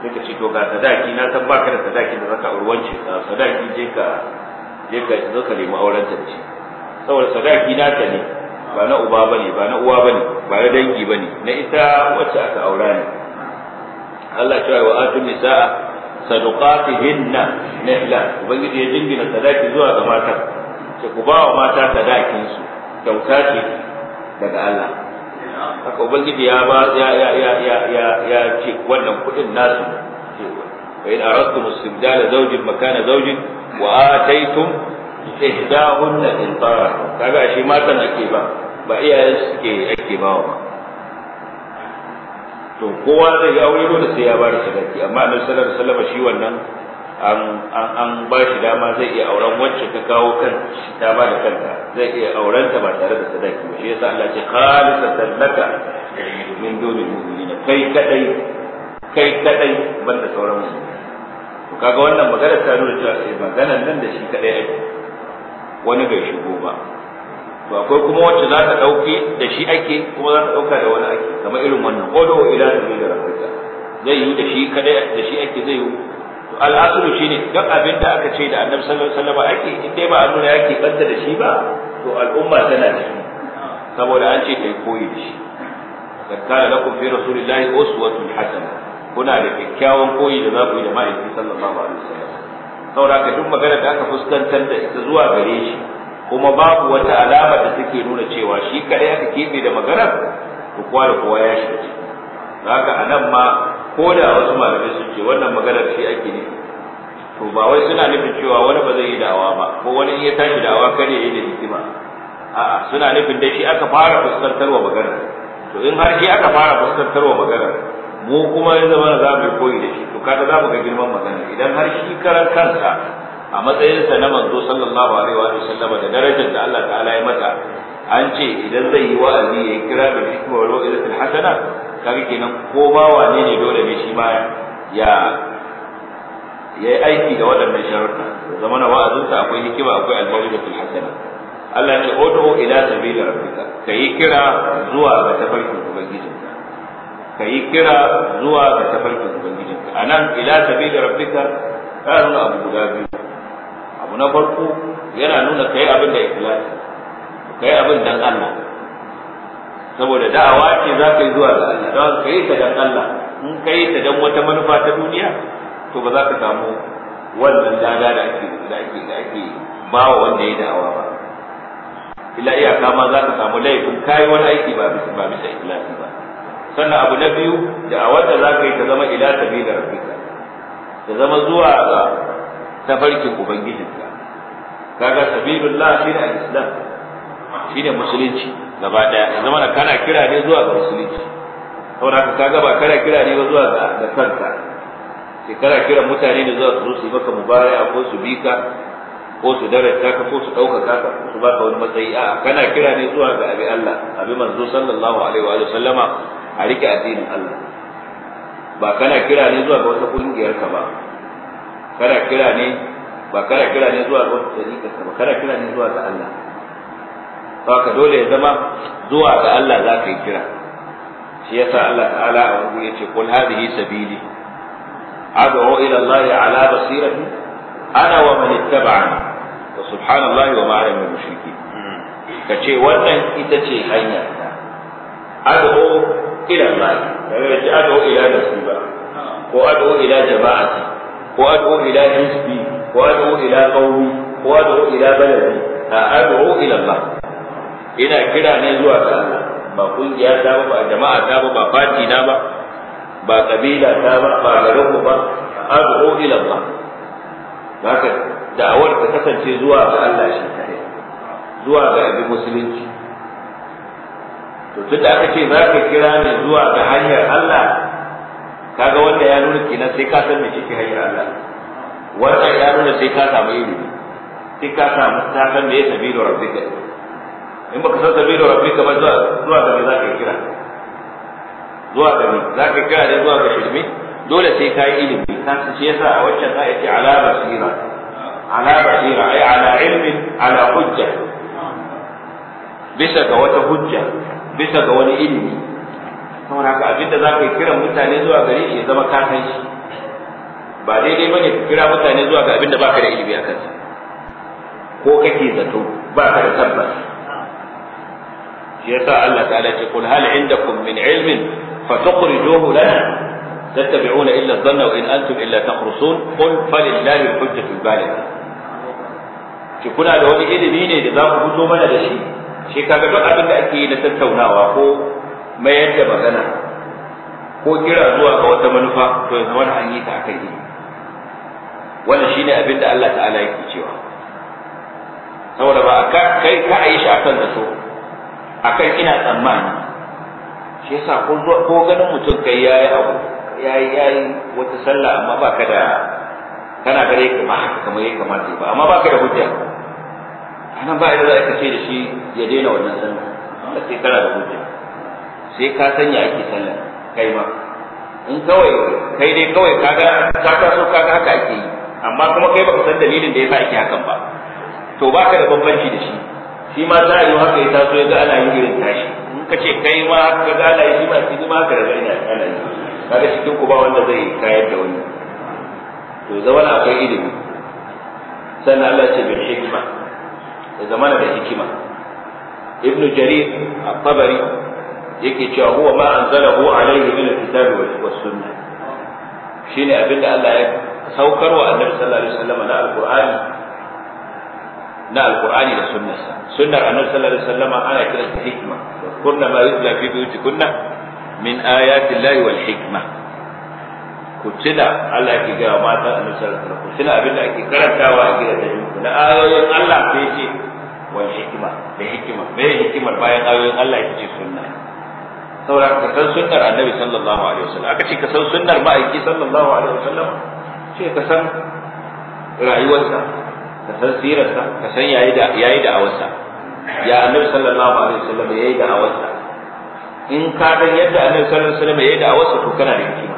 sai ka ce to ga sadaki na san baka da sadaki da zaka aure wance sadaki je ka je ka zo ka nemi auren ta da shi saboda sadaki na ta ne ba na uba bane ba na uwa bane ba na dangi bane na ita wacce aka aura ne Allah ya wa atu nisaa sadaqatihinna nihla ubangiji ya jingina sadaki zuwa ga mata ce ku ba wa mata sadakin su kyauta ce daga Allah haka ubangiji ya ba ya ya ya ya ya ce wannan kudin nasu ce wa in aradtum istibdala zawjin makana zawjin wa ataytum ihdahunna qintara kaga shi matan ake ba ba iyayen su suke ake bawa ba to kowa zai aure da sai ya da sadaki amma annabi sallallahu alaihi wasallam shi wannan an an ba shi dama zai iya auren wacce ta kawo kan ta ba da kanta zai iya auren ta ba tare da sadaki ba shi yasa Allah ce khalisatan laka min dunil mu'minin kai kadai kai kadai banda sauran mu to kaga wannan magana ta nuna cewa sai eh, maganar nan da shi kadai ake wani bai shigo ba to akwai kuma wacce za ta ɗauke da shi ake kuma za ta ɗauka da wani ake kamar irin wannan odo ila da da rabbika zai yi da shi kadai da shi ake zai yi to al'asulu shine duk abin da aka ce da annabi sallallahu alaihi wasallam ake in dai ba a nuna yake banta da shi ba to al'umma tana shi. saboda an ce kai koyi da shi kana lakum fi rasulillahi uswatun hasana kuna da kyakkyawan koyi da za ku yi da ma'aikin sallallahu alaihi wasallam saboda ka duk magana da aka fuskantar da ita zuwa gare shi kuma babu wata alama da take nuna cewa shi kaɗai aka kebe da maganar to kowa da kowa ya shiga ciki haka anan ma ko da wasu malamai sun ce wannan maganar shi ake ne. to ba wai suna nufin cewa wani ba zai yi da'awa ba ko wani ya tashi da'awa kare yi da hikima a'a suna nufin da shi aka fara fuskantarwa maganar to in har shi aka fara fuskantarwa maganar mu kuma ya zama za mu koyi da shi to kada za mu ga girman magana idan har shi karan kansa a matsayinsa na manzo sallallahu alaihi wa sallam da darajar da Allah ta'ala ya mata an ce idan zai yi wa'azi ya kira da hikma wa ra'izatul hasana kaga kenan ko ba wane ne dole ne shi ma ya ya yi aiki da wadannan sharuɗa zama na wa'azinsa akwai hikima akwai almawujatul hasana Allah ya ce odo ila sabila rabbika kai kira zuwa ga tafarkin ubangiji ka yi kira zuwa ga tafarkin ubangijinka a nan ila da rabbika ta nuna abu guda biyu abu na farko yana nuna ka yi abin da ikhlasi ka yi abin dan Allah saboda da'awa ce za ka yi zuwa ga Allah don ka yi ta dan Allah in ka yi ta dan wata manufa ta duniya to ba za ka samu wannan dada da ake da ake da ake ba wa wanda ya da'awa ba ila iyaka ma za ka samu laifin kayi wani aiki ba bisa ba bisa ikhlasi ba sannan abu na biyu da a wanda za ka yi ta zama ila ta da rafika ta zama zuwa ga tafarkin ubangijinka kaga sabilullah shine al-islam ne musulunci gaba daya zama da kana kira ne zuwa ga musulunci saboda haka kaga ba kana kira ne ba zuwa ga kanka sai kana kira mutane da zuwa su su maka mubaraya ko su bika ko su darata ka ko su ɗaukaka ka su baka wani matsayi a kana kira ne zuwa ga abi Allah abi manzo sallallahu alaihi wa sallama a rike addinin Allah ba kana kira ne zuwa ga wata kungiyar ka ba kana kira ne ba kana kira ne zuwa ga wata tarika ka ba kana kira ne zuwa ga Allah ka dole ya zama zuwa ga Allah za ka yi kira shi yasa Allah ta'ala a wani ya ce kul hadhihi sabili ad'u ila Allah ala basirati ana wa man ittaba'ani wa subhanallahi wa ma'ana min mushriki hmm. kace wannan ita ce hanya ad'u ila Allah kamar da ado ila nafsi ba ko ado ila jama'ati ko ado ila hizbi ko ado ila qaumi ko ado ila baladi ta ado ila Allah ina kira ne zuwa ga Allah ba kungiya ta ba ba jama'a ta ba ba fati na ba ba kabila ta ba ba garin ku ba ado ila Allah haka da'awar ta kasance zuwa ga Allah shi kare zuwa ga abin musulunci to tunda aka ce za ka kira ne zuwa ga hanyar Allah kaga wanda ya nuna kenan sai ka san me kike hanyar Allah wanda ya nuna sai ka samu ilimi sai ka samu ta san me sabilu rabbika in baka san sabilu rabbika ba zuwa zuwa ga me za ka kira zuwa ga me za ka kira ne zuwa ga shirme dole sai ka yi ilimi ka san shi yasa a wancan za a ce ala basira ala basira ai ala ilmin ala hujja bisa ga wata hujja bisa ga wani ilimi saboda haka abinda za ka yi kiran mutane zuwa gare shi ya zama ka san shi ba daidai bane ka kira mutane zuwa ga ba ka da ilimi a kansa ko kake zato ba ka da tabbas Ya sa Allah ta'ala ce kul hal indakum min ilmin fatukhrijuhu lana تتبعون إلا in وإن أنتم إلا تخرصون قل فلله الحجة البالغة ki kuna da wani ilimi ne da za ku fito mana da shi shi kaga duk abin da ake yi na tattaunawa ko mayar da magana ko kira zuwa ga wata manufa to ya zama an yi ta aka yi, wannan ne abin da Allah ta'ala ya yake cewa saboda ba a kai ka a yi shi akan da so kan ina tsammani shi yasa ko ko ganin mutum kai yi abu ya yi wata sallah amma ba ka da kana gare ka ma haka kamar yake kamar ba amma ba ka da hujja nan ba yadda za ka ce da shi ya daina wannan sallah a sai da hujja sai ka sanya ake sallah kai ma in kawai kai dai kawai kaga ka taso kaga haka ake yi amma kuma kai baka san dalilin da yasa ake hakan ba to baka da bambanci da shi shi ma za a yi haka ya taso ya ga ana yin irin tashi in ka ce kai ma ka ga ana yi shi ma shi ma ka daga ina ana yi kaga cikin ku ba wanda zai kayar da wani to zama akwai ilimi sannan Allah ce bil hikma ya zama da hikima ibnu jarir a tabari yake cewa huwa ma anzalahu alayhi min al-kitab wa sunnah shine abinda Allah ya saukarwa annabi sallallahu alaihi wasallam na al na al-qur'ani da sunnarsa sunnar annabi sallallahu alaihi wasallam ana kiran hikma wa kunna ma yutla fi buyutikunna min ayati llahi wal hikma ku Allah ke ga mata a sallallahu da wasallam abinda ake karantawa a da ku na ayoyin Allah sai ce wani hikima da hikima me hikimar bayan ayoyin Allah ya ce sunna saboda ka san sunnar annabi sallallahu alaihi wasallam aka ce ka san sunnar ma'aiki sallallahu alaihi wasallam ce ka san rayuwarsa ka san sirarsa ka san yayi da yayi da awarsa ya annabi sallallahu alaihi wasallam yayi da awarsa in ka san yadda annabi sallallahu alaihi wasallam yayi da awarsa to kana da hikima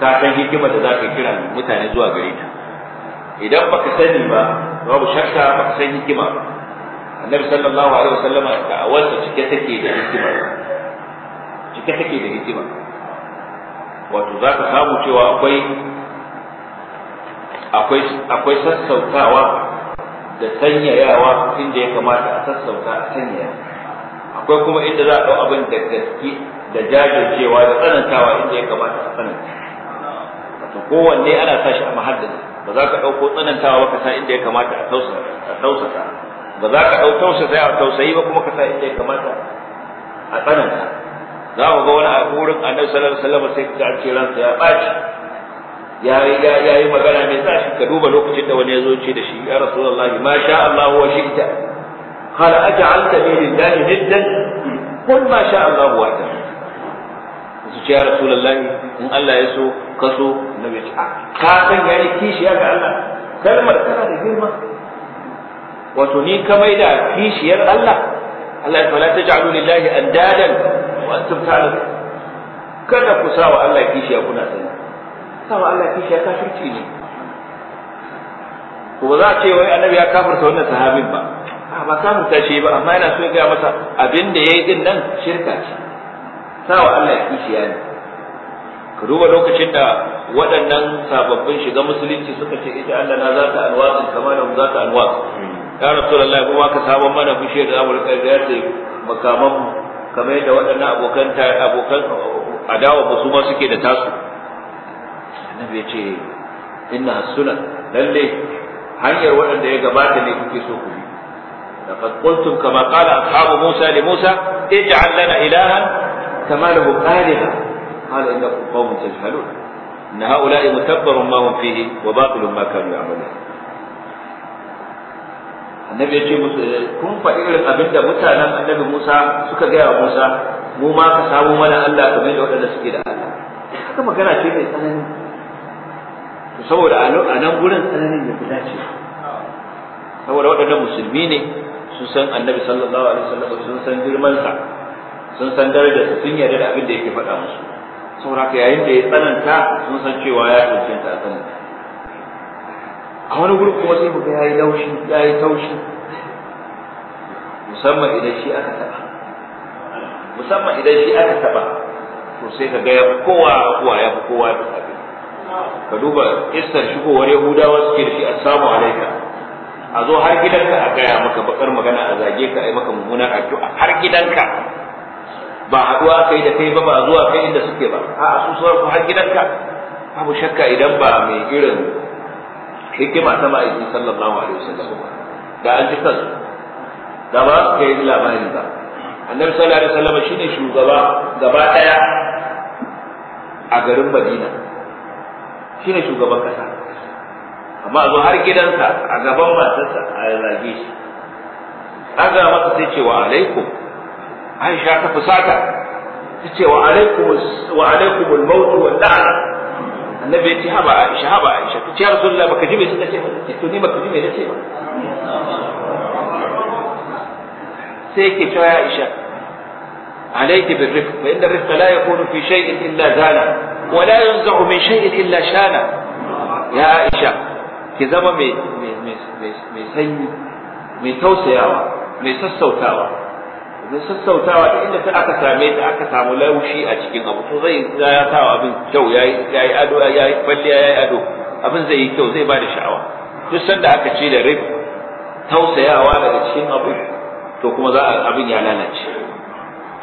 ka san hikimar da za ka kira mutane zuwa gare ta idan baka sani ba babu shakka ka san hikima ba annabi sallallahu alaihi wasallam da awarsa cike take da hikima cike take da hikima wato za ka samu cewa akwai akwai akwai sassautawa da sanyayawa inda ya kamata a sassauta a sanyaya akwai kuma inda za a ɗau abin da gaske da jajircewa da tsanantawa inda ya kamata a tsananta to kowanne ana sa shi a mahallin ba za ka ɗauko tsanantawa ka sa inda ya kamata a tausasa ba za ka ɗau tausasa a tausayi ba kuma ka sa inda ya kamata a tsananta za mu ga wani a wurin annabi sallallahu alaihi wasallam sai ka ce ransa ya ɓaci ya ya yi magana mai sa shi ka duba lokacin da wani ya zo ce da shi ya rasulullahi ma sha Allah wa shi'ta qala aj'alta li lillahi niddan qul ma sha Allah wa ta'ala su ce ya rasulullahi in Allah ya so ka so na bai ci ah, ka san yayi kishiya ga Allah kalmar tana da girma wato ni ka da kishiyar Allah Allah ya fala taj'alu lillahi andadan wa antum ta'lamun kada ku sa wa Allah kishiya kuna sani sa wa Allah kishiya ka kafirci ne ko ba za a ce wai annabi ya kafirta wannan sahabin ba ba kafirta shi ba amma yana so ya gaya masa abin da yi din nan shirka ce sawa Allah kishi ne ka duba lokacin da waɗannan sababbin shiga musulunci suka ce ita Allah na za ta alwaƙin kama da za ta alwaƙ ya rasulullahi kuma ka sabon mana bishiyar da zamu rika da yadda makaman kamar yadda waɗannan abokan abokan adawa ba su ma suke da tasu annabi ya ce inna sunan lalle hanyar waɗanda ya gabata ne kuke so ku bi laqad qultum kama qala ashabu musa li musa ij'al lana ilahan فما له قالب قال إنكم قوم تجهلون إن هؤلاء متبر ما هم فيه وباطل ما كانوا يعملون annabi ya ce musu kun faɗi irin abin da mutanen annabi Musa suka gaya wa Musa mu ma ka samu mana Allah kamar da waɗanda suke da Allah haka magana ce mai tsanani to saboda a nan gurin tsananin ya fi dace saboda waɗanda musulmi ne sun san annabi sallallahu alaihi wasallam sun san girman sun san darajar sun yarda da abin da yake faɗa musu saboda ka yayin da ya tsananta sun san cewa ya cancanta a tsananta a wani gurbi kuma sai ku ga yayi laushi yayi taushi musamman idan shi aka taba musamman idan shi aka taba to sai ka ga kowa kowa ya fi kowa da abin ka duba istar shigowar yahudawa suke da shi assalamu alaika a zo har gidanka a gaya maka bakar magana a zage ka a yi maka mummuna a har gidanka ba haɗuwa kai da kai ba ba zuwa kai inda suke ba a su suwar ku har gidanka abu shakka idan ba mai irin hikima ta ma'aikin sallallahu alaihi wasallam da an ji kansu da ba su kai labarin ba annabi sallallahu alaihi wasallam shine shugaba gaba daya a garin Madina shine shugaban kasa amma zo har gidansa a gaban matarsa a zage shi gaba masa sai ce wa alaikum aisha ta fusata tace wa alaikum wa alaikum al-maut wa al annabi yace haba aisha haba aisha tace ya rasulullah baka ji me suka ce to ni baka ji me nace ba sai ke cewa ya aisha عليك بالرفق فإن الرفق لا يكون في شيء إلا زانا ولا ينزع من شيء إلا شانا يا عائشة ki zama mai sanyi mai tausayawa mai sassautawa da sassautawa ta inda ta aka same ta aka samu laushi a cikin abu to zai ya sa abin kyau yayi yayi ado yayi balliya yayi ado abin zai yi kyau zai ba da sha'awa duk sanda aka ce da rib tausayawa daga cikin abu to kuma za a abin ya lalace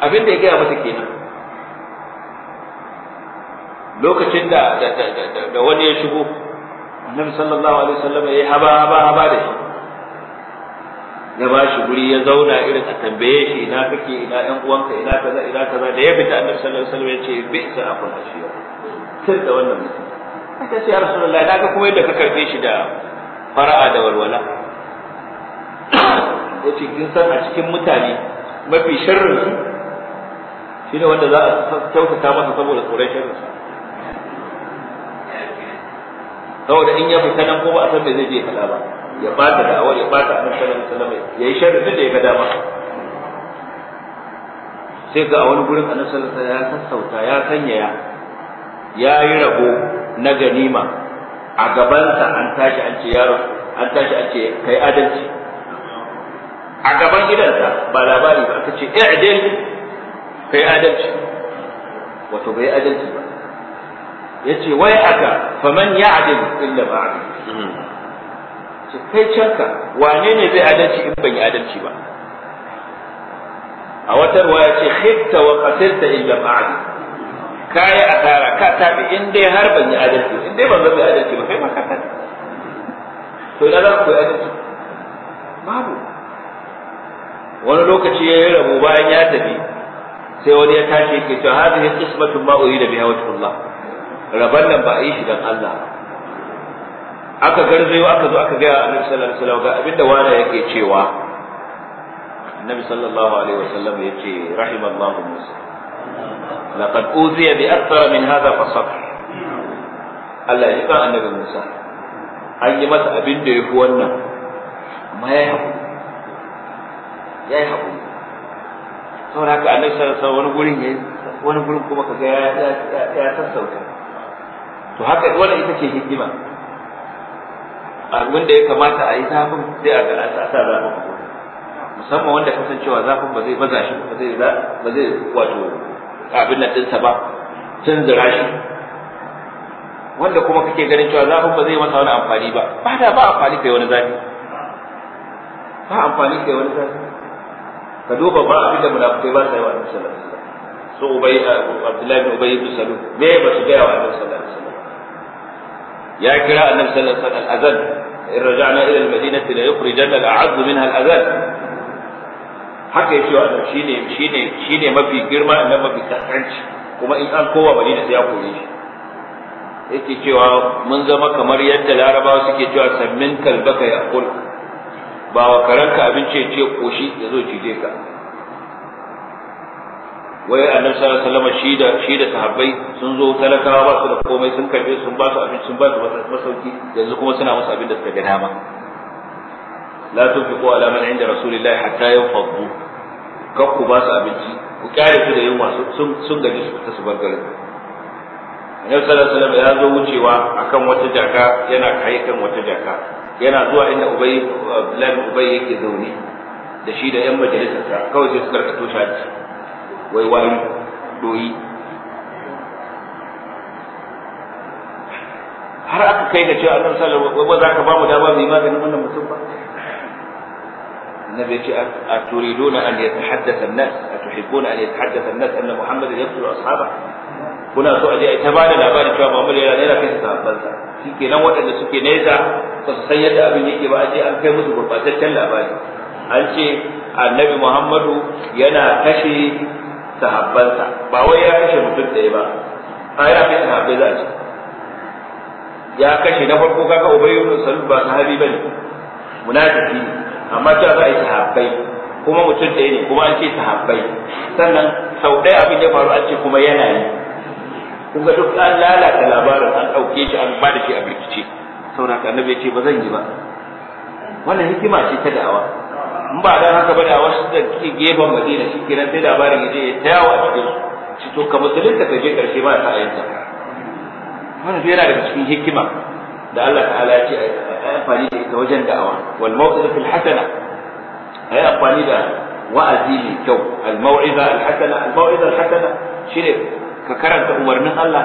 abin da ya gaya mata kenan lokacin da da wani ya shigo annabi sallallahu alaihi wasallam ya haba haba haba da shi ya ba shi guri ya zauna irin a tambaye shi ina kake ina ɗan uwanka ina kaza ina kaza da ya fita annabi sallallahu alaihi wasallam ya ce bi sa akul ashiya sai da wannan mutum aka ce ya rasulullahi da ka kuma yadda ka karfe shi da fara'a da walwala (coughs) ya ce kin san a cikin mutane mafi sharrin su shine wanda za a kyautata masa saboda tsoron sharrin su saboda in ya fita nan ko ba a san me zai je kala ba ya bata da'awar ya bata annabi sallallahu alaihi wasallam yayi sharri da ya ga dama sai ga a wani gurin annabi sallallahu alaihi wasallam ya sassauta ya sanyaya ya yi rabo na ganima a gabansa an tashi an ce yaro an tashi an ce kai adalci a gaban gidansa ba labari ba aka ce i'dil kai adalci wato bai adalci ba yace wai aka faman ya'dil illa ba'd mm-hmm. ce kai canka wane ne zai adalci in ban yi adalci ba a wata waya ce hitta wa qatilta illa ba'd kai asara ka tabi in dai har ban yi adalci in dai ban zai adalci ba kai ma ka tabi to da za ku yi adalci babu wani lokaci ya yi rabu bayan ya tafi sai wani ya tashi ke to hadhihi qismatun ma urida biha wajhullah raban nan ba a yi shi dan Allah aka garzayo aka zo aka gaya annabi sallallahu alaihi wasallam ga abinda wala yake cewa annabi sallallahu alaihi wasallam yace rahimallahu musa laqad uziya bi akthar min hadha fa sabr Allah ya kan annabi Musa an yi masa abin da yafi wannan amma ya yi haƙuri saboda haka annabi sallallahu alaihi wani gurin yayi wani gurin kuma kaga ya ya sassauta to haka wannan ita ce hikima abin da ya kamata a yi zafin sai a ga a sa zafin a musamman wanda kasancewa zafin ba zai baza shi ba zai ba zai wato abin nan ɗinsa ba zira shi wanda kuma kake ganin cewa zafin ba zai masa wani amfani ba ba da ba amfani kai wani zafi ba amfani kai wani zafi ka duba ba abin da munafukai ba sai wa annabi sallallahu alaihi wasallam so ubay abdullahi ibn ubay ibn salul me ba su ga wa annabi sallallahu alaihi wasallam يا كراء النبي صلى الله عليه وسلم الأذل إن رجعنا إلى المدينة ليخرجن الأعز منها الأذل حكى شو أنا شيني شيني شيني ما في كرمة ان ما في كسرنش وما إن أن قوة مدينة سيأكل إيش يكي شو من زمك مريد العربة وسكي شو سمن كلبك يأكل باوكرنك أبنشي شو قوشي يزو جديك wai annabi sallallahu alaihi wasallam shi da shi da sahabbai sun zo talakawa ba su da komai sun karbe sun ba su abinci sun ba su masauki yanzu kuma suna musu abin da suka ga dama la tufiqu ala man inda rasulillahi hatta yanfaddu kar ku ba su abinci ku kyale su da yunwa sun sun gaji su ta su bar garin annabi sallallahu alaihi wasallam ya zo wucewa akan wata jaka yana kai kan wata jaka yana zuwa inda ubay Abdullahi ubay yake zaune da shi da yan majalisarsa kawai sai suka karkato shi Wai waiwayi doyi har aka kai da cewa annabi sallallahu alaihi wasallam za ka ba mu dama mai maganin wannan mutum ba annabi ya ce aturiduna an yatahaddatha an-nas atuhibbuna an yatahaddatha an-nas anna muhammadan yaqtulu ashaba kuna so a je a ta da labarin cewa Muhammad yana naira kai sa sahabbansa shikenan waɗanda suke nesa ba su san yadda abin yake ba a je an kai musu gurbataccen labari an ce annabi Muhammadu yana kashe sahabbansa ba wai ya kashe mutum ɗaya ba a yana kashe sahabbai za a ce ya kashe na farko kaga ubay ibn salul ba sahabi bane munafiki ne amma ta za a yi sahabbai kuma mutum ɗaya ne kuma an ce sahabbai sannan sau ɗaya abin ya faru an ce kuma yana yi kun ga duk an lalata labarin an ɗauke shi an ba da shi a rikice saboda annabi ya ce ba zan yi ba wannan hikima ce ta da'awa in ba dan haka bane a wasu da ke gefen madina shi kenan sai labarin ya je ya ta yawo a cikin su to ka musulunta ka je karshe ba ta ayyuka wannan yana daga cikin hikima da Allah ta'ala ya ce a amfani da ita wajen da'awa wal mawqidatul hasana ayi amfani da wa'azi mai kyau al maw'iza al hasana al maw'iza al hasana shine ka karanta umarnin Allah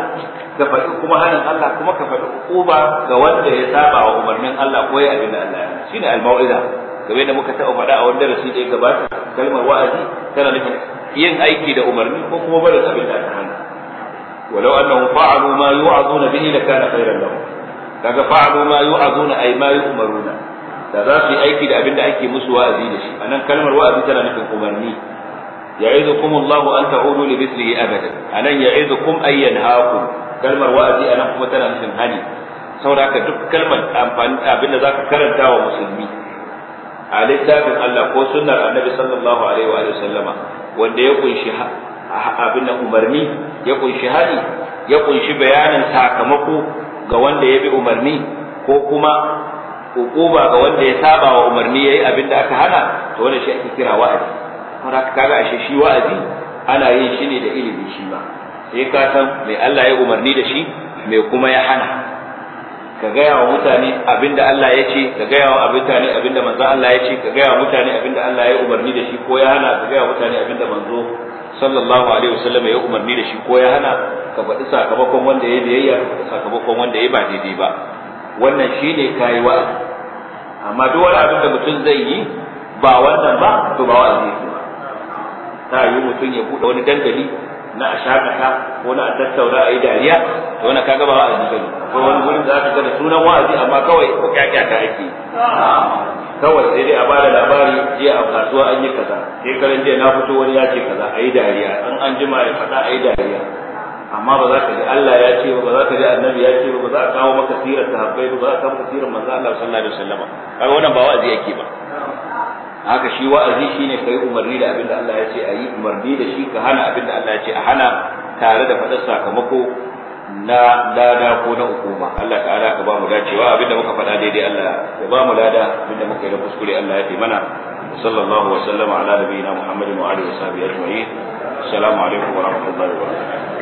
ka faɗi kuma hanin Allah kuma ka faɗi uba ga wanda ya saba wa umarnin Allah ko ya abin da Allah ya shine al maw'iza game da muka taɓa faɗa a wanda darasi da ya gabata kalmar wa'azi tana nufin yin aiki da umarni ko kuma barin abin da aka ولو أنهم فعلوا ما يوعظون به لكان خيرا لهم kaga fa'alu ma yu'azuna ay ma yu'maruna da za su yi aiki da abin da ake musu wa'azi da shi anan kalmar wa'azi tana nufin umarni ya'idukum Allahu an ta'udu li mithlihi abada anan ya'idukum ay yanhaakum kalmar wa'azi anan kuma tana nufin hani saboda duk kalmar amfani abin zaka karanta wa musulmi a littafin Allah ko sunnar annabi sallallahu alaihi wa sallama wanda ya kunshi abin da umarni ya kunshi hali ya kunshi bayanin sakamako ga wanda ya bi umarni ko kuma hukuma ga wanda ya saba wa umarni yayi abin da aka hana to wannan shi ake kira wa'azi kuma kaga ashe shi wa'azi ana yin shi ne da ilimi shi ba sai ka san me Allah ya umarni da shi mai kuma ya hana ka gaya wa mutane abinda Allah ya ce ka gaya wa mutane abinda manzo Allah ya ce ka gaya wa mutane abinda Allah ya umarni da shi ko ya hana ka gaya wa mutane abinda manzo sallallahu alaihi wasallam ya umarni da shi ko ya hana ka faɗi sakamakon wanda ya biyayya sakamakon wanda ya ba daidai ba wannan shine kai wa amma duk wani abin da mutum zai yi ba wannan ba to ba wa'azi ba ta yi mutum ya buɗe wani dangali na a shakata ko na a tattauna a yi dariya to wani kaga ba wa'azi bane ko wani wurin da aka ga da sunan wa'azi amma kawai ko kyakyata ake kawai sai dai a bada labari jiya a kasuwa an yi kaza sai karan jiya na fito wani ya ce kaza a yi dariya an an jima ya faɗa a yi dariya amma ba za ka ji Allah ya ce ba za ka ji annabi ya ce ba za a kawo maka sirar sahabbai ba za a kawo maka sirar manzo Allah sallallahu alaihi wasallam kaga wannan ba wa'azi yake ba haka shi wa'azi shine kai umarni da abin da Allah ya ce a yi umarni da shi ka hana abin da Allah ya ce a hana tare da faɗar sakamako na lada ko na hukuma Allah ta'ala ka ba mu dacewa abin da muka faɗa daidai Allah ya ba mu lada abin da muka yi da kuskure Allah ya taimana sallallahu wa sallama ala nabiyina muhammadin wa alihi wa sahbihi ajma'in assalamu alaikum wa rahmatullahi wa barakatuh